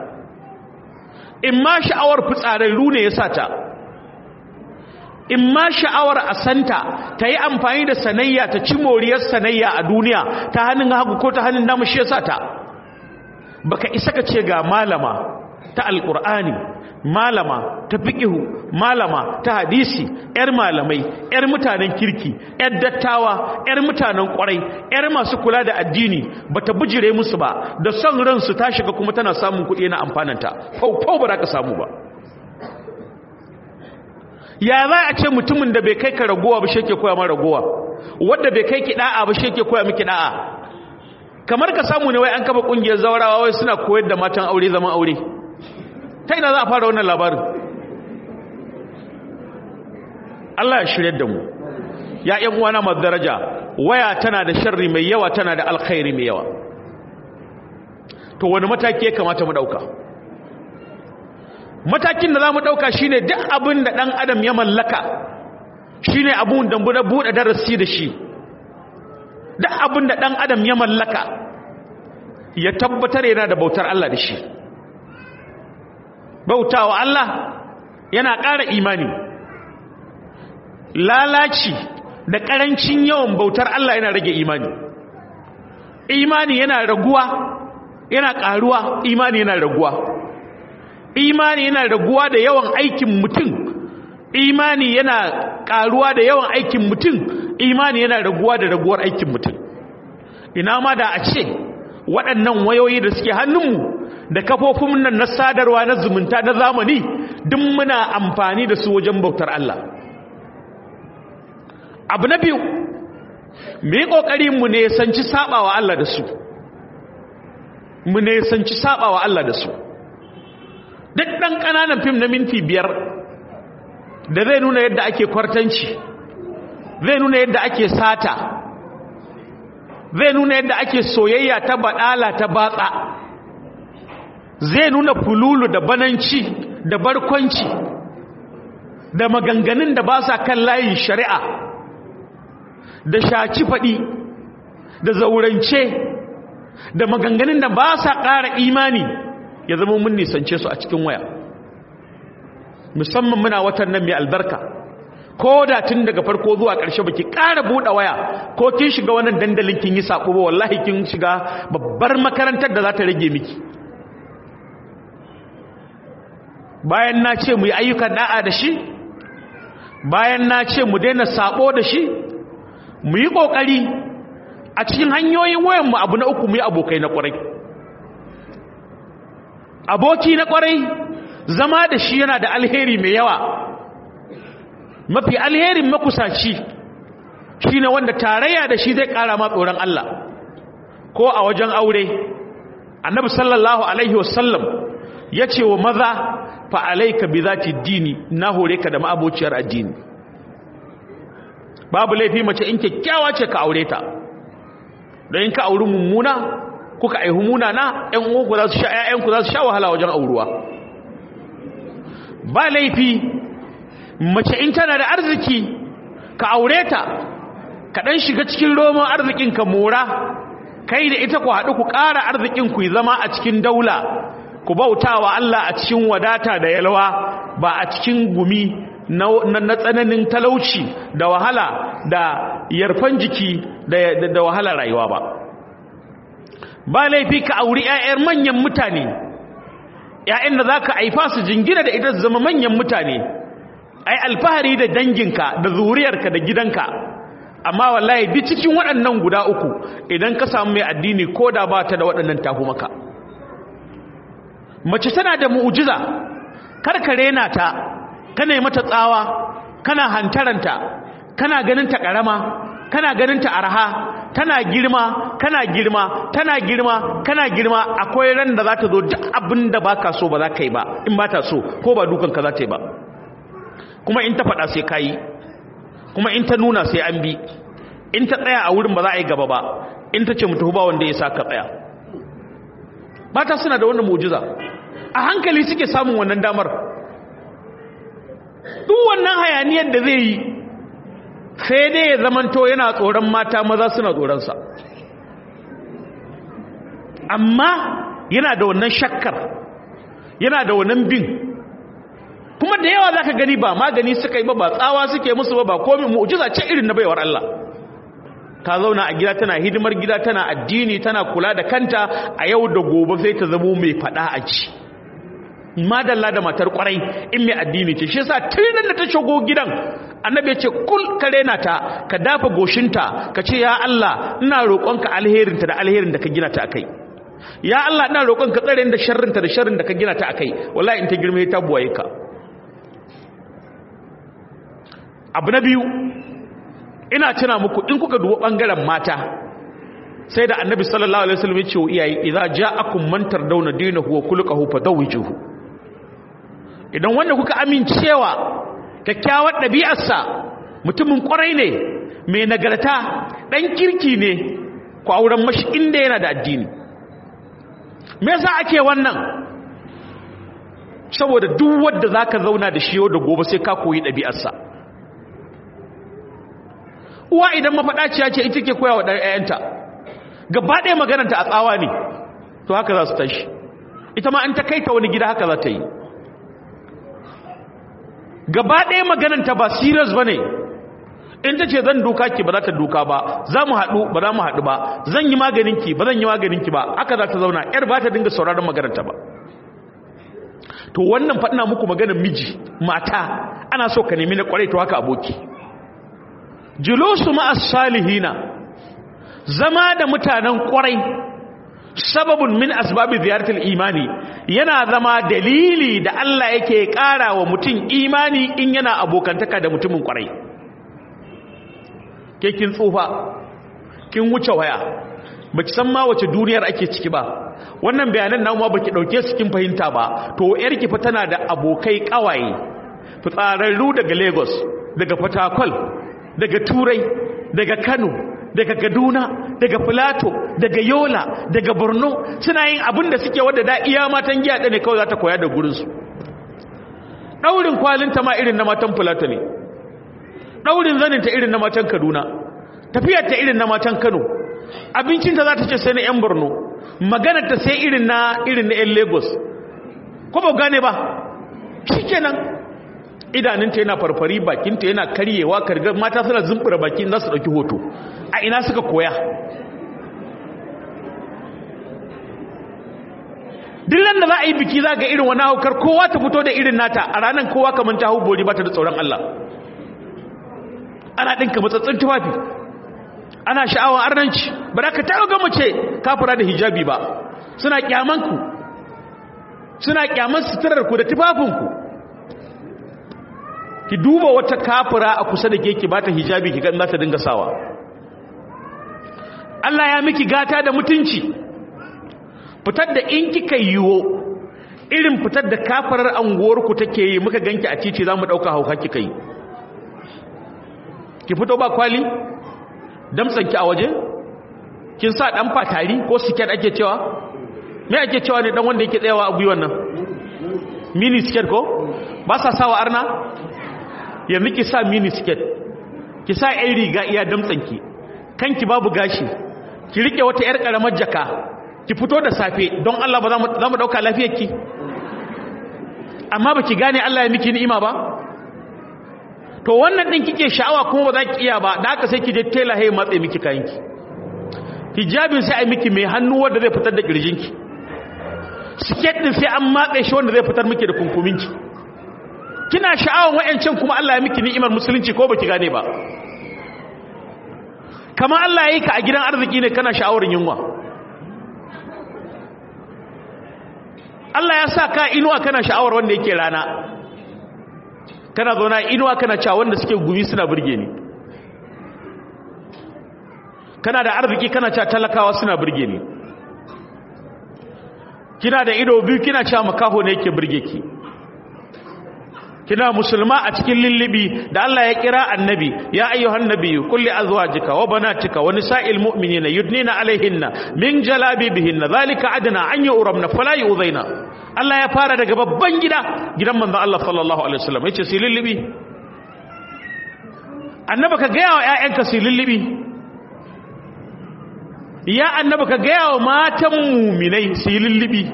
in ma sha'awar fitsararru ne ya sata in ma sha'awar asanta ta yi amfani da sanayya ta ci moriyar sanayya a duniya ta hannun hagu ko ta hannun namashi ya sata baka isa ka ce ga malama ta alƙur'ani malama ta fiƙihu malama ta hadisi 'yar malamai 'yar mutanen kirki 'yar dattawa 'yar mutanen kwarai 'yar masu kula da addini ba ta bujire musu ba da son ransu ta shiga kuma tana samun kuɗi na amfananta faufau ba za ka samu ba ya za a ce mutumin da bai kai ka ragowa ba shi ke koya ma ragowa wadda bai kai ki da'a ba shi ke koya miki da'a kamar ka samu ne wai an kafa ƙungiyar zaurawa wai suna koyar da matan aure zaman aure ta ina za a fara wannan labarin Allah ya shirye da mu ya ƴan uwa masu daraja waya tana da sharri mai yawa tana da alkhairi mai yawa to wani mataki ya kamata mu dauka matakin da za mu dauka shine duk abin da dan adam ya mallaka shine abun da mu bude darasi da shi duk abin da dan adam ya mallaka ya tabbatar yana da bautar Allah da shi bautawa Allah yana ƙara imani lalaci da ƙarancin yawan bautar Allah yana rage imani imani yana raguwa yana ƙaruwa imani yana raguwa imani yana raguwa da yawan aikin mutum imani yana ƙaruwa da yawan aikin mutum imani yana raguwa da raguwar aikin mutum ina ma da a ce waɗannan wayoyi da suke hannunmu da kafofin nan na sadarwa na zumunta na zamani duk muna amfani da su wajen bautar Allah abu na biyu mu yi ƙoƙari mu ne sanci saɓawa Allah da su mu ne sanci saɓawa Allah da su duk ɗan ƙananan fim na minti biyar da zai nuna yadda ake kwartanci zai nuna yadda ake sata zai nuna yadda ake soyayya ta baɗala ta batsa zai nuna fululu da bananci da barkwanci da maganganun da ba sa kan layin shari'a da shaci faɗi da zaurance da maganganun da ba sa ƙara imani ya zama mun nisance su a cikin waya musamman muna watan nan mai albarka ko da tun daga farko zuwa ƙarshe baki ƙara buɗe waya ko kin shiga wannan dandalin kin yi saƙo ba wallahi kin shiga babbar makarantar da za ta rage miki bayan na ce mu yi ayyukan da'a da shi bayan na ce mu daina sabo da shi mu yi kokari a cikin hanyoyin wayanmu abu na uku mu yi abokai na kwarai aboki na kwarai zama da shi yana da alheri mai yawa mafi alherin makusaci shine wanda tarayya da shi zai kara ma tsoron Allah ko a wajen aure annabi sallallahu alaihi wasallam ya ce wa maza fa alayka bi zati dini na hore ka da ma'abociyar addini babu laifi mace in kyakkyawa ce ka aure ta don in ka auri mummuna kuka aihu munana ƴan uwanku za su sha ku za su sha wahala wajen auruwa ba laifi mace in tana da arziki ka aure ta ka dan shiga cikin roman arzikin ka mora kai da ita ku haɗu ku ƙara arzikin ku zama a cikin daula ku bautawa Allah a cikin wadata da yalwa ba a cikin gumi na tsananin talauci da wahala da yarfan jiki da wahala rayuwa ba ba laifi ka auri 'ya'yan manyan mutane 'ya'yan da za ka haifa su jingina da ita zama manyan mutane ai alfahari da danginka da zuriyarka da gidanka amma wallahi bi cikin waɗannan guda uku idan ka samu mai addini ko da ba ta da waɗannan tafi maka mace tana da mu'ujiza karkare na ta kana yi mata tsawa kana hantaranta kana ganin ta karama kana ganin ta arha tana girma kana girma tana girma kana girma akwai ran da za ta zo duk abin da baka so ba za ka yi ba in ba ta so ko ba dukan ka za ta yi ba kuma in ta faɗa sai ka yi kuma in ta nuna sai an bi in ta tsaya a wurin ba za a yi gaba ba in ta ce mutu ba wanda ya sa ka tsaya mata suna da wannan mu'jiza a hankali suke samun wannan damar duk wannan hayaniyar da zai yi sai dai ya zamanto yana tsoron mata maza suna tsoronsa amma yana da wannan shakkar yana da wannan bin kuma da yawa za ka gani ba magani suka yi ba ba tsawa suke musu ba ba komi mu'ujiza ce irin na baiwar Allah ta zauna a gida tana hidimar gida tana addini tana kula da kanta a yau da gobe sai ta zama mai fada a ci madalla da matar kwarai in mai addini ce shi yasa tunan da ta shigo gidan annabi ya ce kul ka rena ta ka dafa goshinta ka ce ya Allah ina roƙonka alherinta da alherin da ka gina ta akai ya Allah ina roƙonka tsare da sharrinta da sharrin da ka gina ta akai wallahi in ta girme ta buwaye ka abu na biyu ina cina muku in kuka duba bangaren mata sai da annabi sallallahu alaihi wasallam ya ce wa iyaye idza ja'akum man tardawna dinahu wa fa fadawijuhu idan wanda kuka amincewa kyakkyawar ɗabi'arsa mutumin kwarai ne mai nagarta dan kirki ne ku auren mashi inda yana da addini me yasa ake wannan saboda duk wanda zaka zauna da shi yau da gobe sai ka koyi ɗabi'arsa uwa idan mafaɗaciya ce ita ke koya wa ɗayanta gaba ɗaya magananta a tsawa ne to haka za su tashi ita ma an ta kai ta wani gida haka za ta yi gaba ɗaya magananta ba serious ba ne in ta ce zan duka ki ba za ta duka ba za mu haɗu ba za mu haɗu ba zan yi maganinki ba zan yi maganinki ba haka za ta zauna yar ba ta dinga sauraron magananta ba to wannan faɗina muku maganar miji mata ana so ka nemi na kwarai to haka aboki julusu ma'as salihina zama da mutanen kwarai sababun min asbabi ziyartar imani yana zama dalili da Allah yake kara wa mutum imani in yana abokantaka da mutumin kwarai ke kin tsufa kin wuce waya baki san ma wace duniyar ake ciki ba wannan bayanan namu ma baki dauke su kin fahimta ba to yarki fa tana da abokai kawaye fitsararru daga Lagos daga Fatakwal daga turai daga kano daga kaduna daga filato daga yola daga borno suna yin abin da suke wadda da iya matan giya ɗane kawai za ta koya da gurinsu ɗaurin kwalinta ma irin na matan filato ne ɗaurin zaninta irin na matan kaduna tafiyarta irin na matan kano abincinta za ta ce sai na 'yan borno maganarta sai irin na irin na 'yan lagos ko ba gane ba shi kenan idanunta yana farfari bakinta yana karyewa kargar mata suna zumbura bakin za su ɗauki hoto a ina suka koya dillan da za a yi biki za ga irin wani haukar kowa ta fito da irin nata a ranar kowa kamar ta hau bori ba ta da tsoron Allah ana ɗinka matsatsin tufafi ana sha'awa arnanci ba da ka taro ga ce kafura da hijabi ba suna kyamanku suna kyaman suturarku da tufafinku ki duba wata kafira a kusa da ke ki bata hijabi ki ga za dinga sawa Allah ya miki gata da mutunci fitar da in kika yiwo irin fitar da kafarar anguwar ku take yi muka ganki a titi zamu dauka hauka ki yi ki fito ba kwali damtsanki a waje kin sa dan fatari ko siket ake cewa me ake cewa ne dan wanda yake tsayawa a gwiwan nan mini siket ko ba sa sawa arna yanzu ki sa mini skirt ki sa ɗan riga iya damtsanki kanki babu gashi ki rike wata yar karamar jaka ki fito da safe don Allah ba za mu dauka lafiyarki amma baki gane Allah ya miki ni'ima ba to wannan din kike sha'awa kuma ba za ki iya ba da haka sai ki je tela hay matse miki kayanki hijabin sai ai miki mai hannu wanda zai fitar da ƙirjinki siket din sai an matse shi wanda zai fitar miki da kunkuminki kina sha'awar wa'ancan kuma Allah ya miki ni'imar musulunci ko baki gane ba kamar Allah ya yi ka a gidan arziki ne kana sha'awar yunwa Allah ya sa ka inuwa kana sha'awar wanda yake rana kana zauna inuwa kana cewa wanda suke gumi suna burge ni kana da arziki kana cewa talakawa suna burge ni kina da ido biyu kina cewa makaho ne yake burge ki kina musulma a cikin lillibi da Allah ya kira annabi ya ayyuhan nabiyyu qul li azwajika wa banatika wa nisa'il mu'minina yudnina alaihinna min jalabibihinna zalika adna an yu'ramna fala yu'zaina Allah ya fara daga babban gida gidan manzo Allah sallallahu alaihi wasallam yace si lillibi annaba ka ga yawa ƴaƴanka si lillibi ya annaba ka ga yawa matan mu'minai si lillibi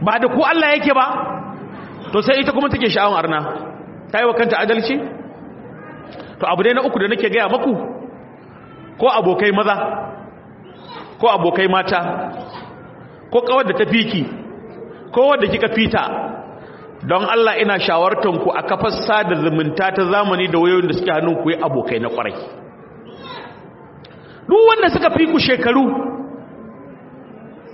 ba da ku Allah yake ba to sai ita kuma take sha'awar arna ta yi wa kanta adalci to abu dai na uku da nake gaya maku ko abokai maza ko abokai mata ko kawar da ta fiki ko wadda kika fita don Allah ina shawartanku a kafar sada zumunta ta zamani da wayoyin da suke hannun ku yi abokai na kwarai duk wanda suka fiku shekaru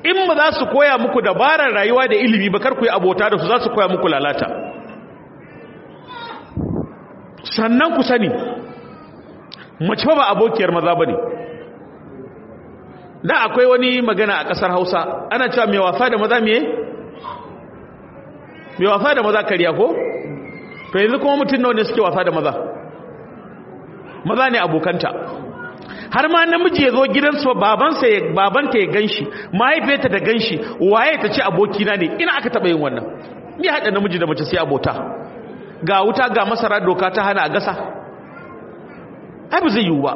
in ba za su koya muku dabarar rayuwa da ilimi ba kar ku yi abota da su za su koya muku lalata sannan ku sani mace ba abokiyar maza ba ne da akwai wani magana a kasar hausa ana cewa mai wasa da maza me mai wasa da maza kariya ko to yanzu kuma mutum nawa ne suke wasa da maza maza ne abokanta har ma namiji ya zo gidansu babansa ya babanta ya ganshi mahaifiyarta da ganshi waye ta ce abokina ne ina aka taba yin wannan me hada namiji da mace sai abota ga wuta ga masara doka ta hana a gasa ai ba zai yiwu ba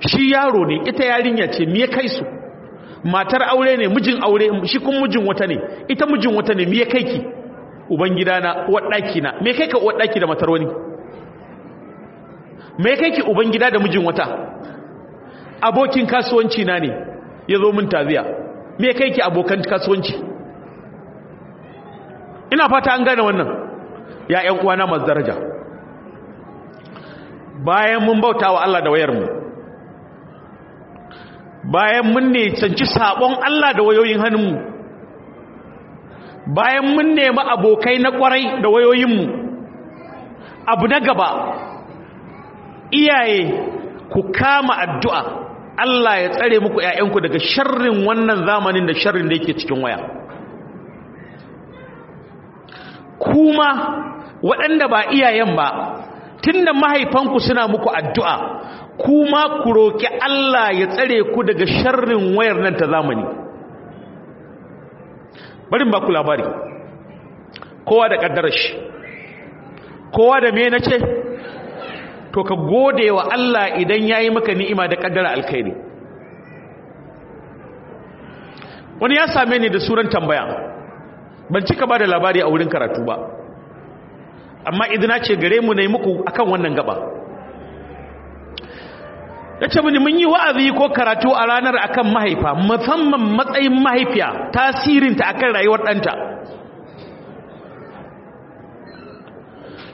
shi yaro ne ita yarinya ce me kai su matar aure ne mijin aure shi kun mijin wata ne ita mijin wata ne me kai ki ubangidana uwarɗaki na me kai ka uwarɗaki da matar wani me kai ki ubangida da mijin wata abokin kasuwanci na ne ya zo min taziya me kai ki abokan kasuwanci ina fata an gane wannan ya ƴan uwana masu daraja bayan mun bauta wa Allah da wayarmu bayan mun ne canci sabon Allah da wayoyin hannunmu bayan mun nemi abokai na kwarai da wayoyinmu abu na gaba iyaye ku kama addu'a Allah ya tsare muku ‘ya'yanku daga sharrin wannan zamanin da sharrin da yake cikin waya kuma waɗanda ba iyayen ba tunda mahaifanku suna muku addu'a kuma ku roƙi Allah ya tsare ku daga sharrin wayar nan ta zamani barin ba ku labari kowa da ƙaddarar shi kowa da me na ce to ka gode wa Allah idan ya yi maka ni'ima da ƙaddara alkhairi wani ya same ni da suran tambaya ban cika ba da labari a wurin karatu ba amma idina ce gare mu ne muku akan wannan gaba ya ce mini mun yi wa'azi ko karatu a ranar akan mahaifa musamman matsayin mahaifiya tasirinta akan rayuwar ɗanta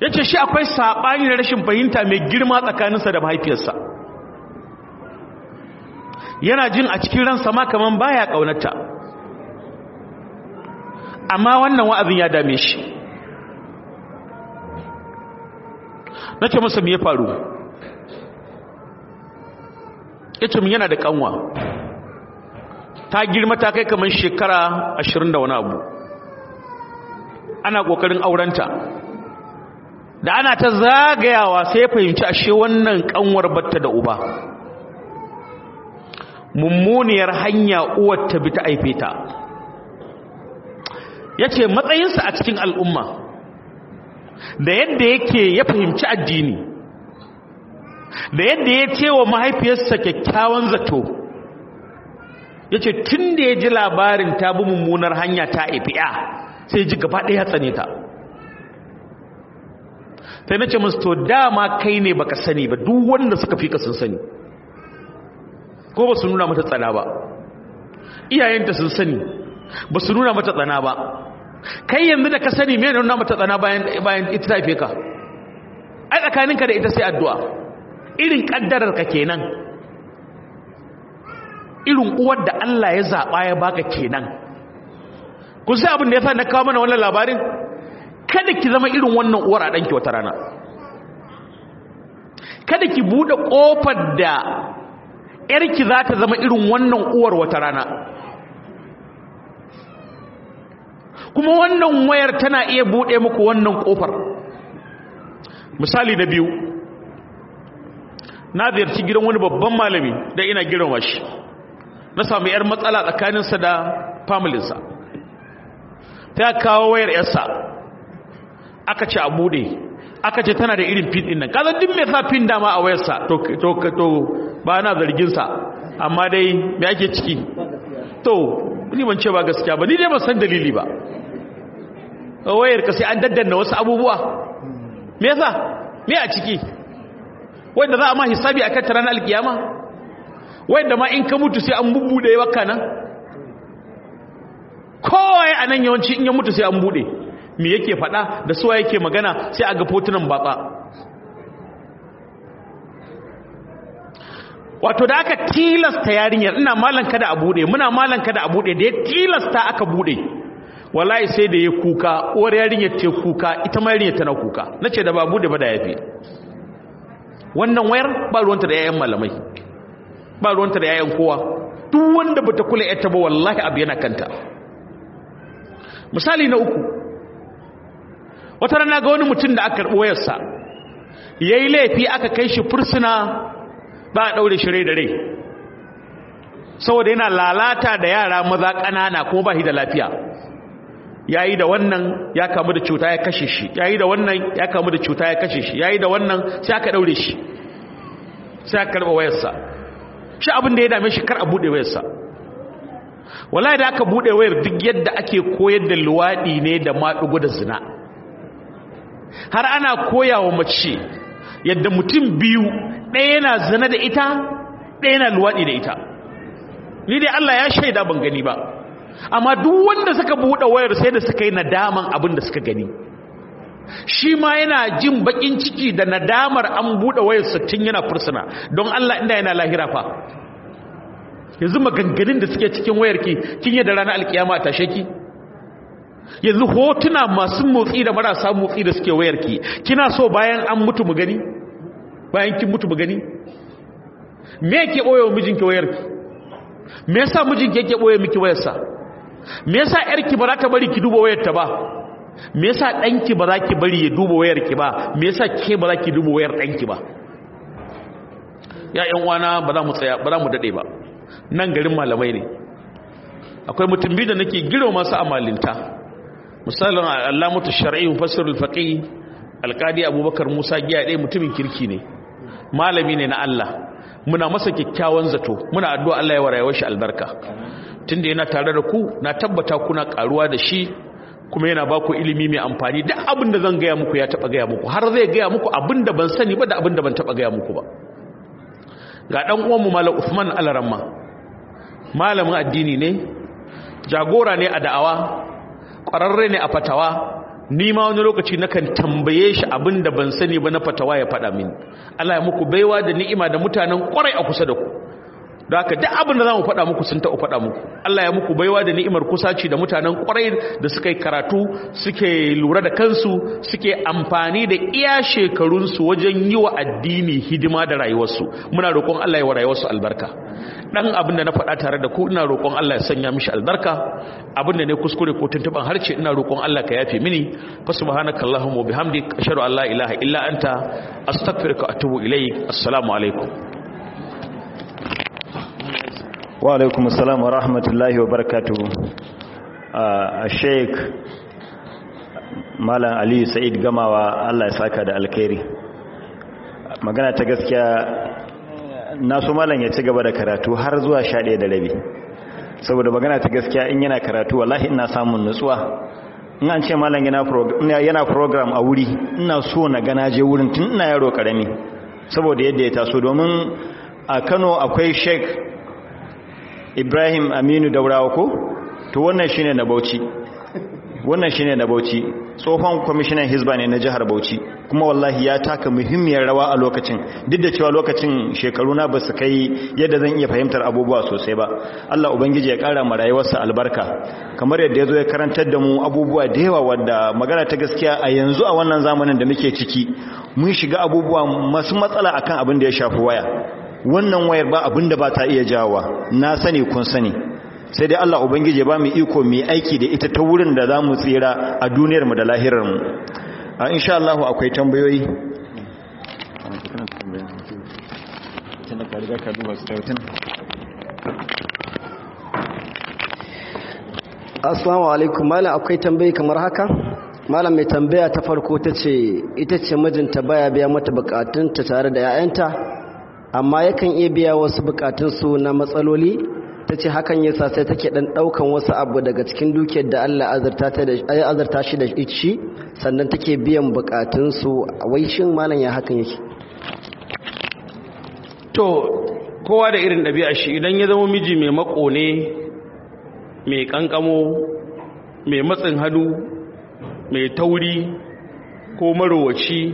ya ce shi akwai saɓani da rashin fahimta mai girma tsakaninsa da mahaifiyarsa yana jin a cikin ransa ma kaman baya ƙaunata amma wannan wa'azin ya dame shi na ce masa ya faru ya ce yana da ƙanwa ta girma ta kai kamar shekara ashirin da wani abu ana ƙoƙarin aurenta da ana ta zagayawa sai fahimci ashe wannan kanwar batta da uba mummuniyar hanya uwar ta bi ta aife ta yace matsayinsa a cikin al'umma da yadda yake ya fahimci addini da yadda ya ce wa mahaifiyarsa kyakkyawan zato yace tun da ya ji labarin ta bi mummunar hanya ta aife sai ji gaba ɗaya tsane ta sai na ce musu to dama kai ne baka sani ba duk wanda suka fika sun sani ko ba su nuna mata tsana ba iyayenta sun sani ba su nuna mata tsana ba kai yanzu da ka sani me nuna mata tsana bayan bayan ita ta ka ai tsakaninka da ita sai addu'a irin kaddarar ka kenan irin uwar da Allah ya zaba ya baka kenan ku sai abin da yasa na kawo mana wannan labarin kada ki zama irin wannan uwar a ɗanki wata rana kada ki buɗe ƙofar da ‘yarki za ta zama irin wannan uwar wata rana kuma wannan wayar tana iya buɗe muku wannan ƙofar misali na biyu na ziyarci gidan wani babban malami da ina girma shi na samu ‘yar matsala tsakaninsa da familinsa ta kawo wayar ‘yarsa aka ce a bude aka ce tana da irin pin din nan kaza din mai sa pin dama a wayarsa to to to ba na zargin sa amma dai me ake ciki to ni ban ce ba gaskiya ba ni dai ban san dalili ba wayar ka sai an daddanna wasu abubuwa me yasa me a ciki wanda za a ma hisabi kan taran alkiyama wanda ma in ka mutu sai an bubbude wakka nan kowa ya anan yawanci in ya mutu sai an bude me yake faɗa da suwa yake magana sai a ga fotunan batsa wato da aka tilasta yarinyar ina malanka da a buɗe muna malanka da a buɗe da ya tilasta aka buɗe wallahi sai da ya kuka uwar yarinyar ce kuka ita ma yarinyar tana kuka na da ba buɗe ba da yafi wannan wayar ba ruwanta da 'ya'yan malamai ba ruwanta da 'ya'yan kowa duk wanda bata kula yarta ba wallahi abu yana kanta misali na uku wata rana ga wani mutum da aka karɓi wayarsa ya yi laifi aka kai shi fursuna ba a ɗaure shi rai da rai saboda yana lalata da yara maza ƙanana kuma ba shi da lafiya ya yi da wannan ya kamu da cuta ya kashe shi ya yi da wannan ya kamu da cuta ya kashe shi ya yi da wannan sai aka ɗaure shi sai aka karɓa wayarsa shi abin da ya dame shi kar a buɗe wayarsa wallahi da aka buɗe wayar duk yadda ake koyar da luwaɗi ne da maɗugo da zina har ana koya wa mace yadda mutum biyu ɗaya na zane da ita ɗaya na luwaɗi da ita ni dai Allah ya shaida ban gani ba amma duk wanda suka buɗe wayar sai da suka yi nadaman abin da suka gani shi ma yana jin bakin ciki da nadamar an buɗe wayar tun yana fursuna don Allah inda yana lahira fa yanzu maganganun da suke cikin wayar ki kin yadda ranar alkiyama ta sheki yanzu hotuna masu motsi da marasa motsi da suke wayarki kina so bayan an mutu mu gani bayan kin mutu mu gani me yake boye mijinki wayarki me yasa mijinki yake boye miki wayarsa me yasa yarki ba za ta bari ki duba wayarta ba me yasa danki ba za ki bari ya duba wayarki ba me yasa ke ba za ki duba wayar danki ba ya 'yan uwana ba za mu tsaya ba za mu dade ba nan garin malamai ne akwai mutum biyu da nake girma masu amalinta misalin alamutu shari'i mufassir al-faqih abubakar musa giya ɗaya mutumin kirki ne malami ne na Allah muna masa kyakkyawan zato muna addu'a Allah ya warayewar shi albarka tunda yana tare da ku na tabbata kuna karuwa da shi kuma yana ba ku ilimi mai amfani duk abin da zan gaya muku ya taba gaya muku har zai gaya muku abin da ban sani ba da abin da ban taba gaya muku ba ga ɗan uwanmu malam Usman Alaramma malamin addini ne jagora ne a da'awa ƙwararre ne a fatawa ni ma wani lokaci na kan tambaye shi abin da ban sani ba na fatawa ya faɗa mini Allah ya muku baiwa da ni'ima da mutanen kwarai a kusa da ku Da aka duk abin da za mu faɗa muku sun taɓa faɗa muku Allah ya muku baiwa da ni'imar kusaci da mutanen ƙwarai da suka yi karatu suke lura da kansu suke amfani da iya shekarunsu wajen yi wa addini hidima da rayuwarsu muna roƙon Allah ya wa rayuwarsu albarka ɗan abin da na faɗa tare da ku ina roƙon Allah ya sanya mishi albarka abin da ne kuskure ko tuntuɓan harshe ina roƙon Allah ka yafe mini fa subhanaka allahumma wa bihamdik ashhadu an la ilaha illa anta astaghfiruka wa atubu ilayk assalamu alaikum wa alaikum assalam wa rahmatullahi wa barakatu a sheik malam aliyu sa'id gamawa allah ya saka da alkhairi magana ta gaskiya nasu malam ya ci gaba da karatu har zuwa sha ɗaya da rabi saboda magana ta gaskiya in yana karatu wallahi ina samun nutsuwa in an ce malam yana program a wuri ina so na gana je wurin tun ina yaro karami saboda yadda ya taso domin a kano akwai sheik ibrahim aminu daurawa ko to wannan shine na bauchi wannan shine na bauchi tsohon kwamishinan hizba ne na jihar bauchi kuma wallahi ya taka muhimmiyar rawa a lokacin duk da cewa lokacin shekaru na basu kai yadda zan iya fahimtar abubuwa sosai ba Allah ubangiji ya kara ma rayuwarsa albarka kamar yadda yazo ya karantar da mu abubuwa da yawa wanda magana ta gaskiya a yanzu a wannan zamanin da muke ciki mun shiga abubuwa masu matsala akan abin da ya shafi waya wannan wayar ba abinda ba ta iya jawa na sani kun sani sai dai Allah ubangije ba mu iko mu aiki da ita ta wurin da zamu tsira a duniyar mu da lahirar mu a insha Allah akwai tambayoyi Assalamu alaikum malam akwai tambayi kamar haka malam mai tambaya ta farko ta ce ita ce mijinta baya biya mata bukatunta tare da 'ya'yanta amma yakan iya biya wasu bukatunsu na matsaloli ta ce hakan yasa sai take dan daukan wasu abu daga cikin dukiyar da Allah azarta shi da shi sannan take biyan bukatunsu wai shin malam ya hakan yake to kowa da irin ɗabi'a shi idan ya zama miji mai makone mai kankamo mai matsin hannu mai tauri ko marowaci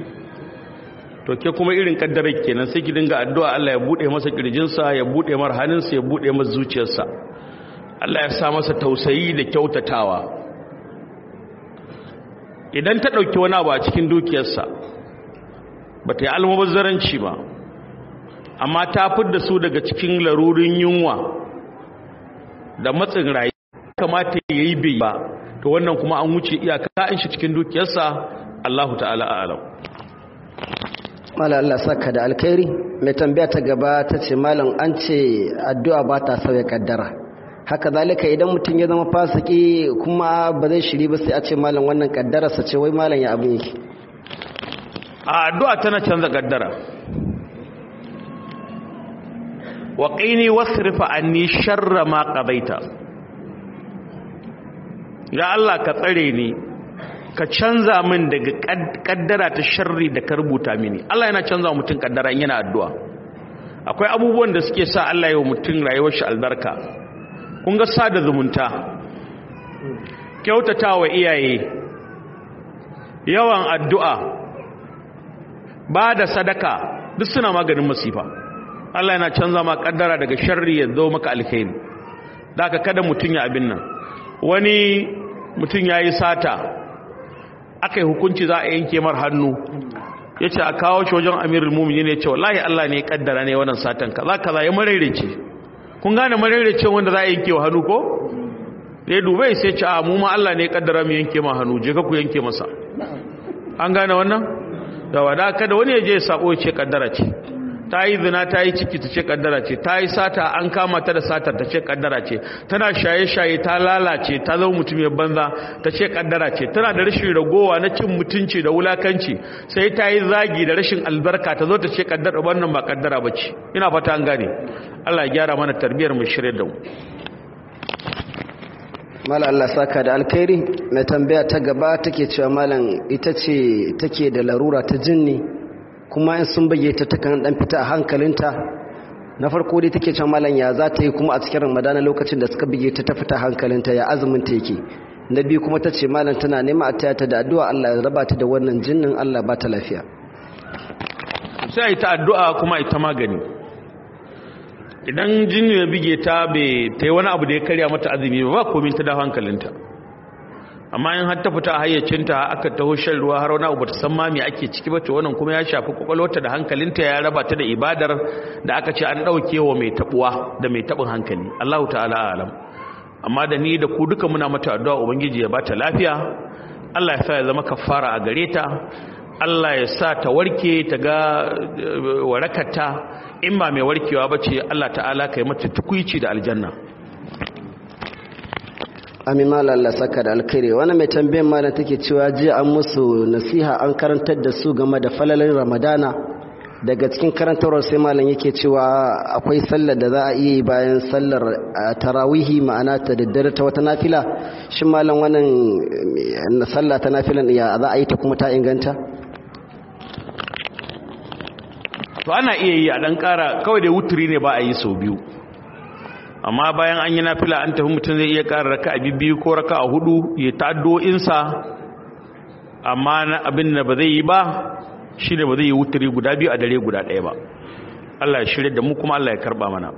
to ke kuma irin kaddarar kenan sai ki dinga addu'a Allah ya bude masa kirjinsa ya bude mar hannunsa ya bude masa zuciyarsa Allah ya sa masa tausayi da kyautatawa idan ta dauki wani abu a cikin dukiyarsa ta yi almubazzaranci ba amma ta fidda su daga cikin larurin yunwa da matsin rayu kamata ya yi bai ba to wannan kuma an wuce iyaka in shi cikin dukiyarsa Allahu ta'ala a'lam malam Allah saka da alkhairi mai tambaya ta gaba ta ce malam an ce addu'a ba ta sauya kaddara haka zalika idan mutum ya zama fasiki kuma ba zai shiri ba sai a ce malam wannan sa ce wai malam ya abin yake a addu'a tana canza kaddara wa qini wasrifa anni sharra ma qabaita ya Allah ka tsare ni ka canza min daga kaddara ta sharri da ka rubuta mini Allah yana canza mutum kaddara yana addu'a akwai abubuwan da suke sa Allah ya mutum rayuwar shi albarka kun ga sada zumunta Kyautata wa iyaye yawan addu'a ba da sadaka duk suna maganin masifa Allah yana canza ma kaddara daga sharri ya zo maka alkhairi da ka kada mutum ya abin nan wani mutum ya yi sata aka yi hukunci za a yanke mar hannu ya ce a kawo shi wajen amirul mumini ne ce wallahi Allah ne ya kaddara ne wannan satan Za kaza ya marairace kun gane marairace wanda za a yanke wa hannu ko ya dubai sai ce a mu ma Allah ne ya kaddara mu yanke ma hannu je ka ku yanke masa an gane wannan da wada kada wani ya je sako ya ce kaddara ce ta yi zina ta yi ciki ta ce kaddara ce ta yi sata an kama ta da satar ta ce kaddara ce tana shaye-shaye ta lalace ta zama mutum ya banza ta ce kaddara ce tana da rashin ragowa na cin mutunci da wulakanci sai ta yi zagi da rashin albarka ta zo ta ce kaddara wannan ba kaddara ba ce ina fata an gane Allah ya gyara mana tarbiyyar mu shirye da mu mala Allah saka da alkhairi mai tambaya ta gaba take cewa malam ita ce take da larura ta jinni kuma in sun bayyata takan dan fita a hankalinta na farko dai take cewa malam ya za ta yi kuma a cikin ramadana lokacin da suka bige ta ta fita hankalinta ya azumin ta yake na biyu kuma ta ce malam tana nema a taya ta da addu'a Allah ya raba ta da wannan jinnin Allah ba ta lafiya sai ta addu'a kuma ita magani idan jinni ya bige ta bai ta yi wani abu da ya karya mata azumi ba komai ta da hankalinta amma in har ta fita a hayyacinta aka taho shan ruwa har wani abu ta san ma me ake ciki ba to wannan kuma ya shafi kwakwalwarta da hankalinta ya raba ta da ibadar da aka ce an ɗauke wa mai tabuwa da mai tabin hankali Allahu ta'ala alam amma da ni da ku duka muna mata addu'a ubangiji ya bata lafiya Allah ya sa ya zama kafara a gare ta Allah ya sa ta warke ta ga eh, warakata in ba mai warkewa bace Allah ta'ala kai mata tukuici da aljanna amimala lasaka da alkhairi wani mai tambayin malam take cewa jiya an musu nasiha an karantar da su game da falalin ramadana daga cikin karantarwar sai malam yake cewa akwai sallar da za a iya yi bayan sallar tarawihi ma'ana ta daddare ta wata nafila shi malam wannan eh, salla ta nafilan ya za a yi ta kuma ta inganta to ana iya yi a dan kara kawai da wuturi ne ba a yi sau biyu amma bayan an yi nafila an tafi mutum zai iya ƙara raka a biyu ko raka a hudu ya ta'addo insa amma na abin da ba zai yi ba shi ne ba zai yi wuturi guda biyu a dare guda ɗaya ba Allah ya shirya da mu kuma Allah ya karba mana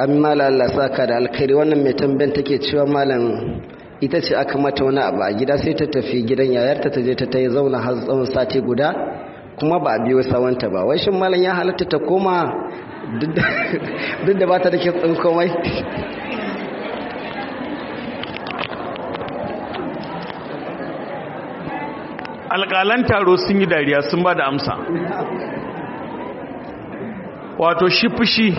an Allah sa ka da alkhairi wannan mai tambayan take cewa malam ita ce aka mata wani abu a gida sai ta tafi gidan yayarta ta je ta yi zauna har tsawon sati guda kuma ba a biyo sawanta ba wai shin malam ya halatta ta koma duk da ba ta da ke alƙalan taro sun yi dariya sun ba da amsa wato shi fushi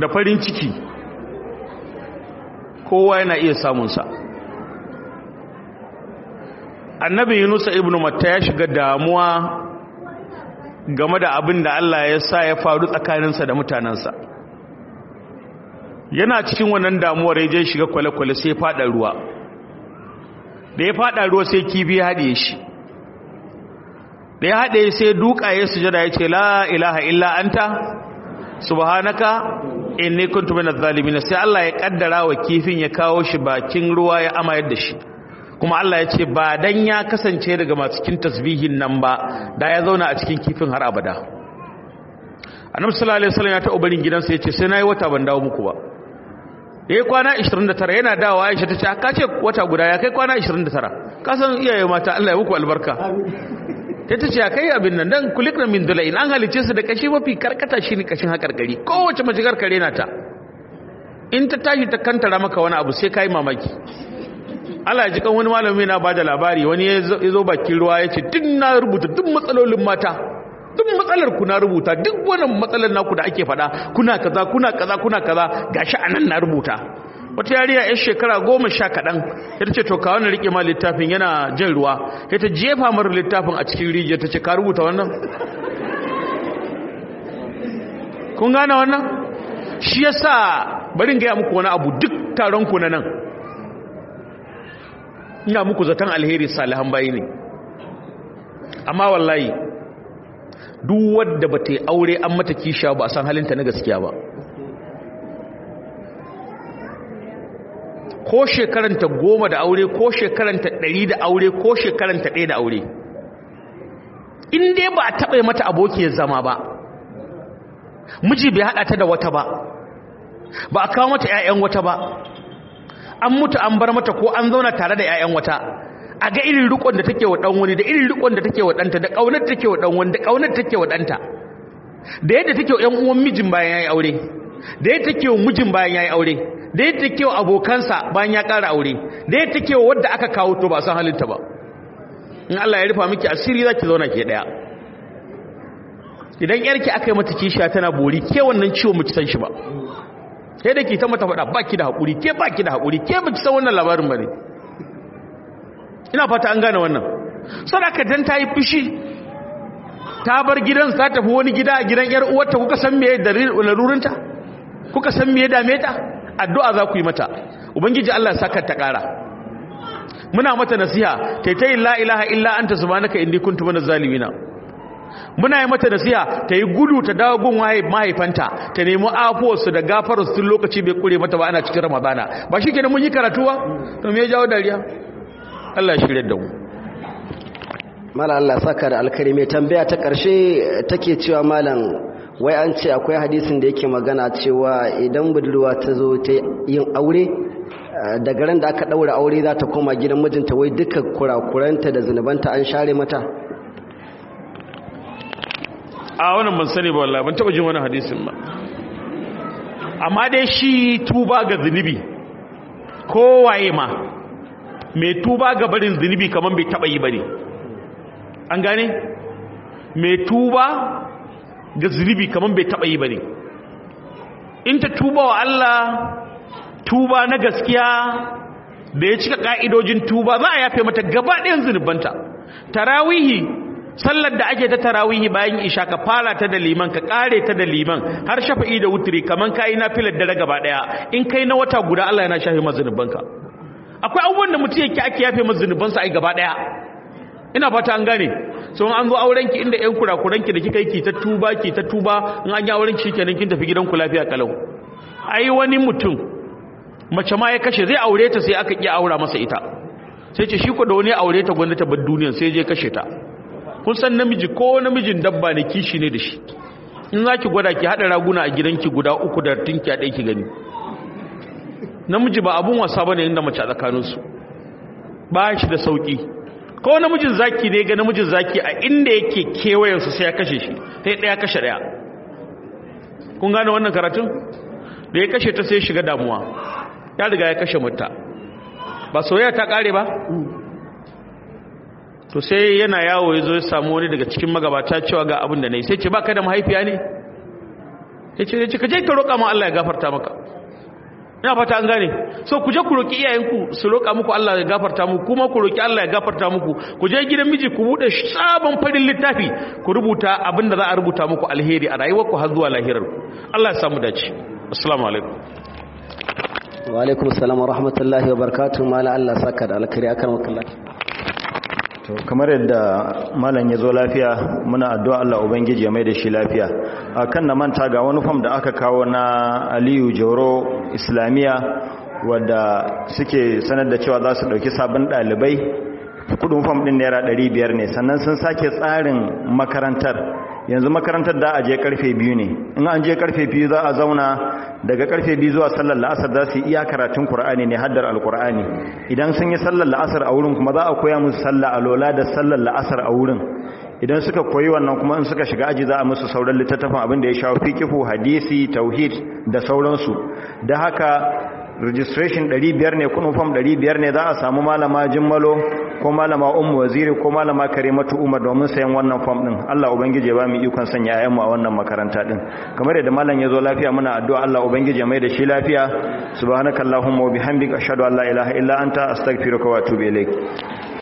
da farin ciki kowa yana iya samun sa. annabi yunusa ibn matta ya shiga damuwa game da abin da Allah ya sa ya faru tsakaninsa da mutanensa yana cikin wannan damuwar ya je shiga kwale-kwale sai fada ruwa da ya fada ruwa sai kibi ya haɗe shi da ya haɗe sai duka ya sujada ya ce la ilaha illa anta subhanaka inni kuntu minaz zalimin sai Allah ya kaddara wa kifin ya kawo shi bakin ruwa ya amayar da shi kuma Allah ya ce ba dan ya kasance daga masu cikin tasbihin nan ba da ya zauna a cikin kifin har abada annabi sallallahu alaihi wasallam ya ta ubarin gidansa yace sai nayi wata ban dawo muku ba eh kwana 29 yana dawowa Aisha tace ah, ka ce wata guda ya kai kwana 29 ka san iyaye mata Allah ya muku albarka ta ta ce kai abin nan dan na min dulain an halice su da kashi mafi karkata shine kashin gari kowace mace karkare nata ta in ta tashi ta kantara maka wani abu sai kai mamaki Allah ya ji kan wani malami na bada labari wani ya zo bakin ruwa ya ce duk na rubuta duk matsalolin mata duk matsalar ku na rubuta duk wannan matsalar naku da ake faɗa kuna kaza kuna kaza kuna kaza gashi anan na rubuta wata yariya yar shekara goma sha kaɗan ya ce to ka wannan rike ma littafin yana jan ruwa ya ta jefa mar littafin a cikin rijiya ta ce ka rubuta wannan kun gane wannan shi yasa barin gaya muku wani abu duk taron ku na nan ina muku zaton alheri salihan bayi ne amma wallahi duk wadda ba ta yi aure an mata kisha ba a san halinta na gaskiya ba ko shekaranta goma da aure ko shekaranta ɗari da aure ko shekaranta ɗaya da aure in dai ba a taɓa mata abokiyar zama ba miji bai haɗa ta da wata ba ba a kawo mata 'ya'yan wata ba an mutu an bar mata ko an zauna tare da 'ya'yan wata a ga irin rikon da take wa dan wani da irin rikon da take wa danta da kaunar take wa dan wani da kaunar take wa danta da yadda take wa ƴan uwan mijin bayan yayi aure da yadda take wa mijin bayan yayi aure da yadda take wa abokansa bayan ya ƙara aure da yadda take wa wanda aka kawo to ba san halinta ba in Allah ya rufa miki asiri zaki zauna ke daya idan yarki aka yi mata kishiya tana bori ke wannan ciwo ci san shi ba sai da ke ta mata faɗa baki da haƙuri ke baki da haƙuri ke baki san wannan labarin ba ne ina fata an gane wannan sadaka dan ta yi fushi ta bar gidan ta fi wani gida a gidan yar uwarta kuka san meye da larurinta kuka san meye dame ta addu'a za ku yi mata ubangiji Allah saka ta ƙara muna mata nasiha taitayin la ilaha illa anta subhanaka inni kuntu minaz zalimina muna yi mata nasiha ta yi gudu ta dawo gun waye mahaifanta ta nemi afuwarsu da gafararsu tun lokaci bai kure mata ba ana cikin ramadana ba shi kenan mun yi karatu ba to me ya jawo dariya Allah ya da mu mala Allah saka da alkari tambaya ta karshe take cewa malam wai an ce akwai hadisin da yake magana cewa idan budurwa ta zo ta yin aure daga ran da aka daura aure za ta koma gidan mijinta wai duka kurakuranta da zunubanta an share mata a wannan ban sani ba wallahi ban taba jin wani hadisin ba amma dai shi tuba ga zunubi kowaye ma mai tuba ga barin zunubi kaman bai taba yi bane an gane mai tuba ga zunubi kaman bai taba yi bane in ta tuba wa Allah tuba na gaskiya da ya cika ka'idojin tuba za a yafe mata gaba ɗayan zunubanta tarawihi sallar da ake ta tarawihi bayan isha ka fara ta da liman ka kare ta da liman har shafa'i da wutri kaman kai na filar dare gaba daya in kai na wata guda Allah yana shafe ka. akwai abubuwan da mutum yake ake yafe sa ai gaba daya ina fata an gane so an zo auren ki inda ƴan kurakuran ki da kika yi ki ta tuba ki ta tuba in an yi auren ki shikenan kin tafi gidan ku lafiya kalau ai wani mutum mace ma ya kashe zai aure ta sai aka iya aura masa ita sai ce shi ko da wani aure ta gwamnati bar duniyar sai je kashe ta kun san namiji ko namijin dabba ne kishi ne da shi in za ki gwada ki haɗa raguna a gidanki guda uku da tinki a ɗaya ki gani namiji ba abun wasa ba ne inda mace a tsakaninsu ba shi da sauƙi ko namijin zaki ne ga namijin zaki a inda yake kewayensu sai ya kashe shi sai ɗaya kashe ɗaya kun gane wannan karatun da ya kashe ta sai shiga damuwa ya riga ya kashe mutta ba soyayya ta ƙare ba to sai yana yawo ya zo ya samu wani daga cikin magabata cewa ga abin da na yi sai ce ba ka da mahaifiya ne ya ce ka je ka roƙa ma Allah ya gafarta maka ina fata an gane so ku je ku roƙi iyayenku su roƙa muku Allah ya gafarta muku kuma ku roƙi Allah ya gafarta muku ku je gidan miji ku bude sabon farin littafi ku rubuta abin da za a rubuta muku alheri a rayuwarku har zuwa lahirar Allah ya samu dace assalamu alaikum wa alaikum assalam wa rahmatullahi wa barakatuh mala Allah saka da alkhairi akan wakilai to kamar yadda malam ya zo lafiya muna addu'a Allah ubangiji ya mai da shi lafiya a kan na manta ga wani fam da aka kawo na aliyu joro islamiyya wadda suke sanar da cewa za su ɗauki sabon ɗalibai kudin fam ɗin naira 500 ne sannan sun sake tsarin makarantar yanzu makarantar da a je karfe biyu ne in an je karfe biyu za a zauna daga karfe biyu zuwa sallar la'asar za su yi iya karatun kurani ne haddar alqur'ani idan sun yi sallar la'asar a wurin kuma za a koya musu sallah alola da sallar la'asar a wurin idan suka koyi wannan kuma in suka shiga aji za a musu sauran littattafan abin da ya shafi kifu hadisi tauhid da sauransu da haka registration 500 ne kudin fam 500 ne za a samu malama jimmalo ko malama ummu waziri ko malama karimatu umar domin sayan wannan fam din Allah ubangije ba mu ikon sanya ayyan mu a wannan makaranta din kamar yadda malam yazo lafiya muna addu'a Allah ubangije mai da shi lafiya subhanakallahumma wa bihamdika ashhadu an la ilaha illa anta astaghfiruka wa atubu ilaik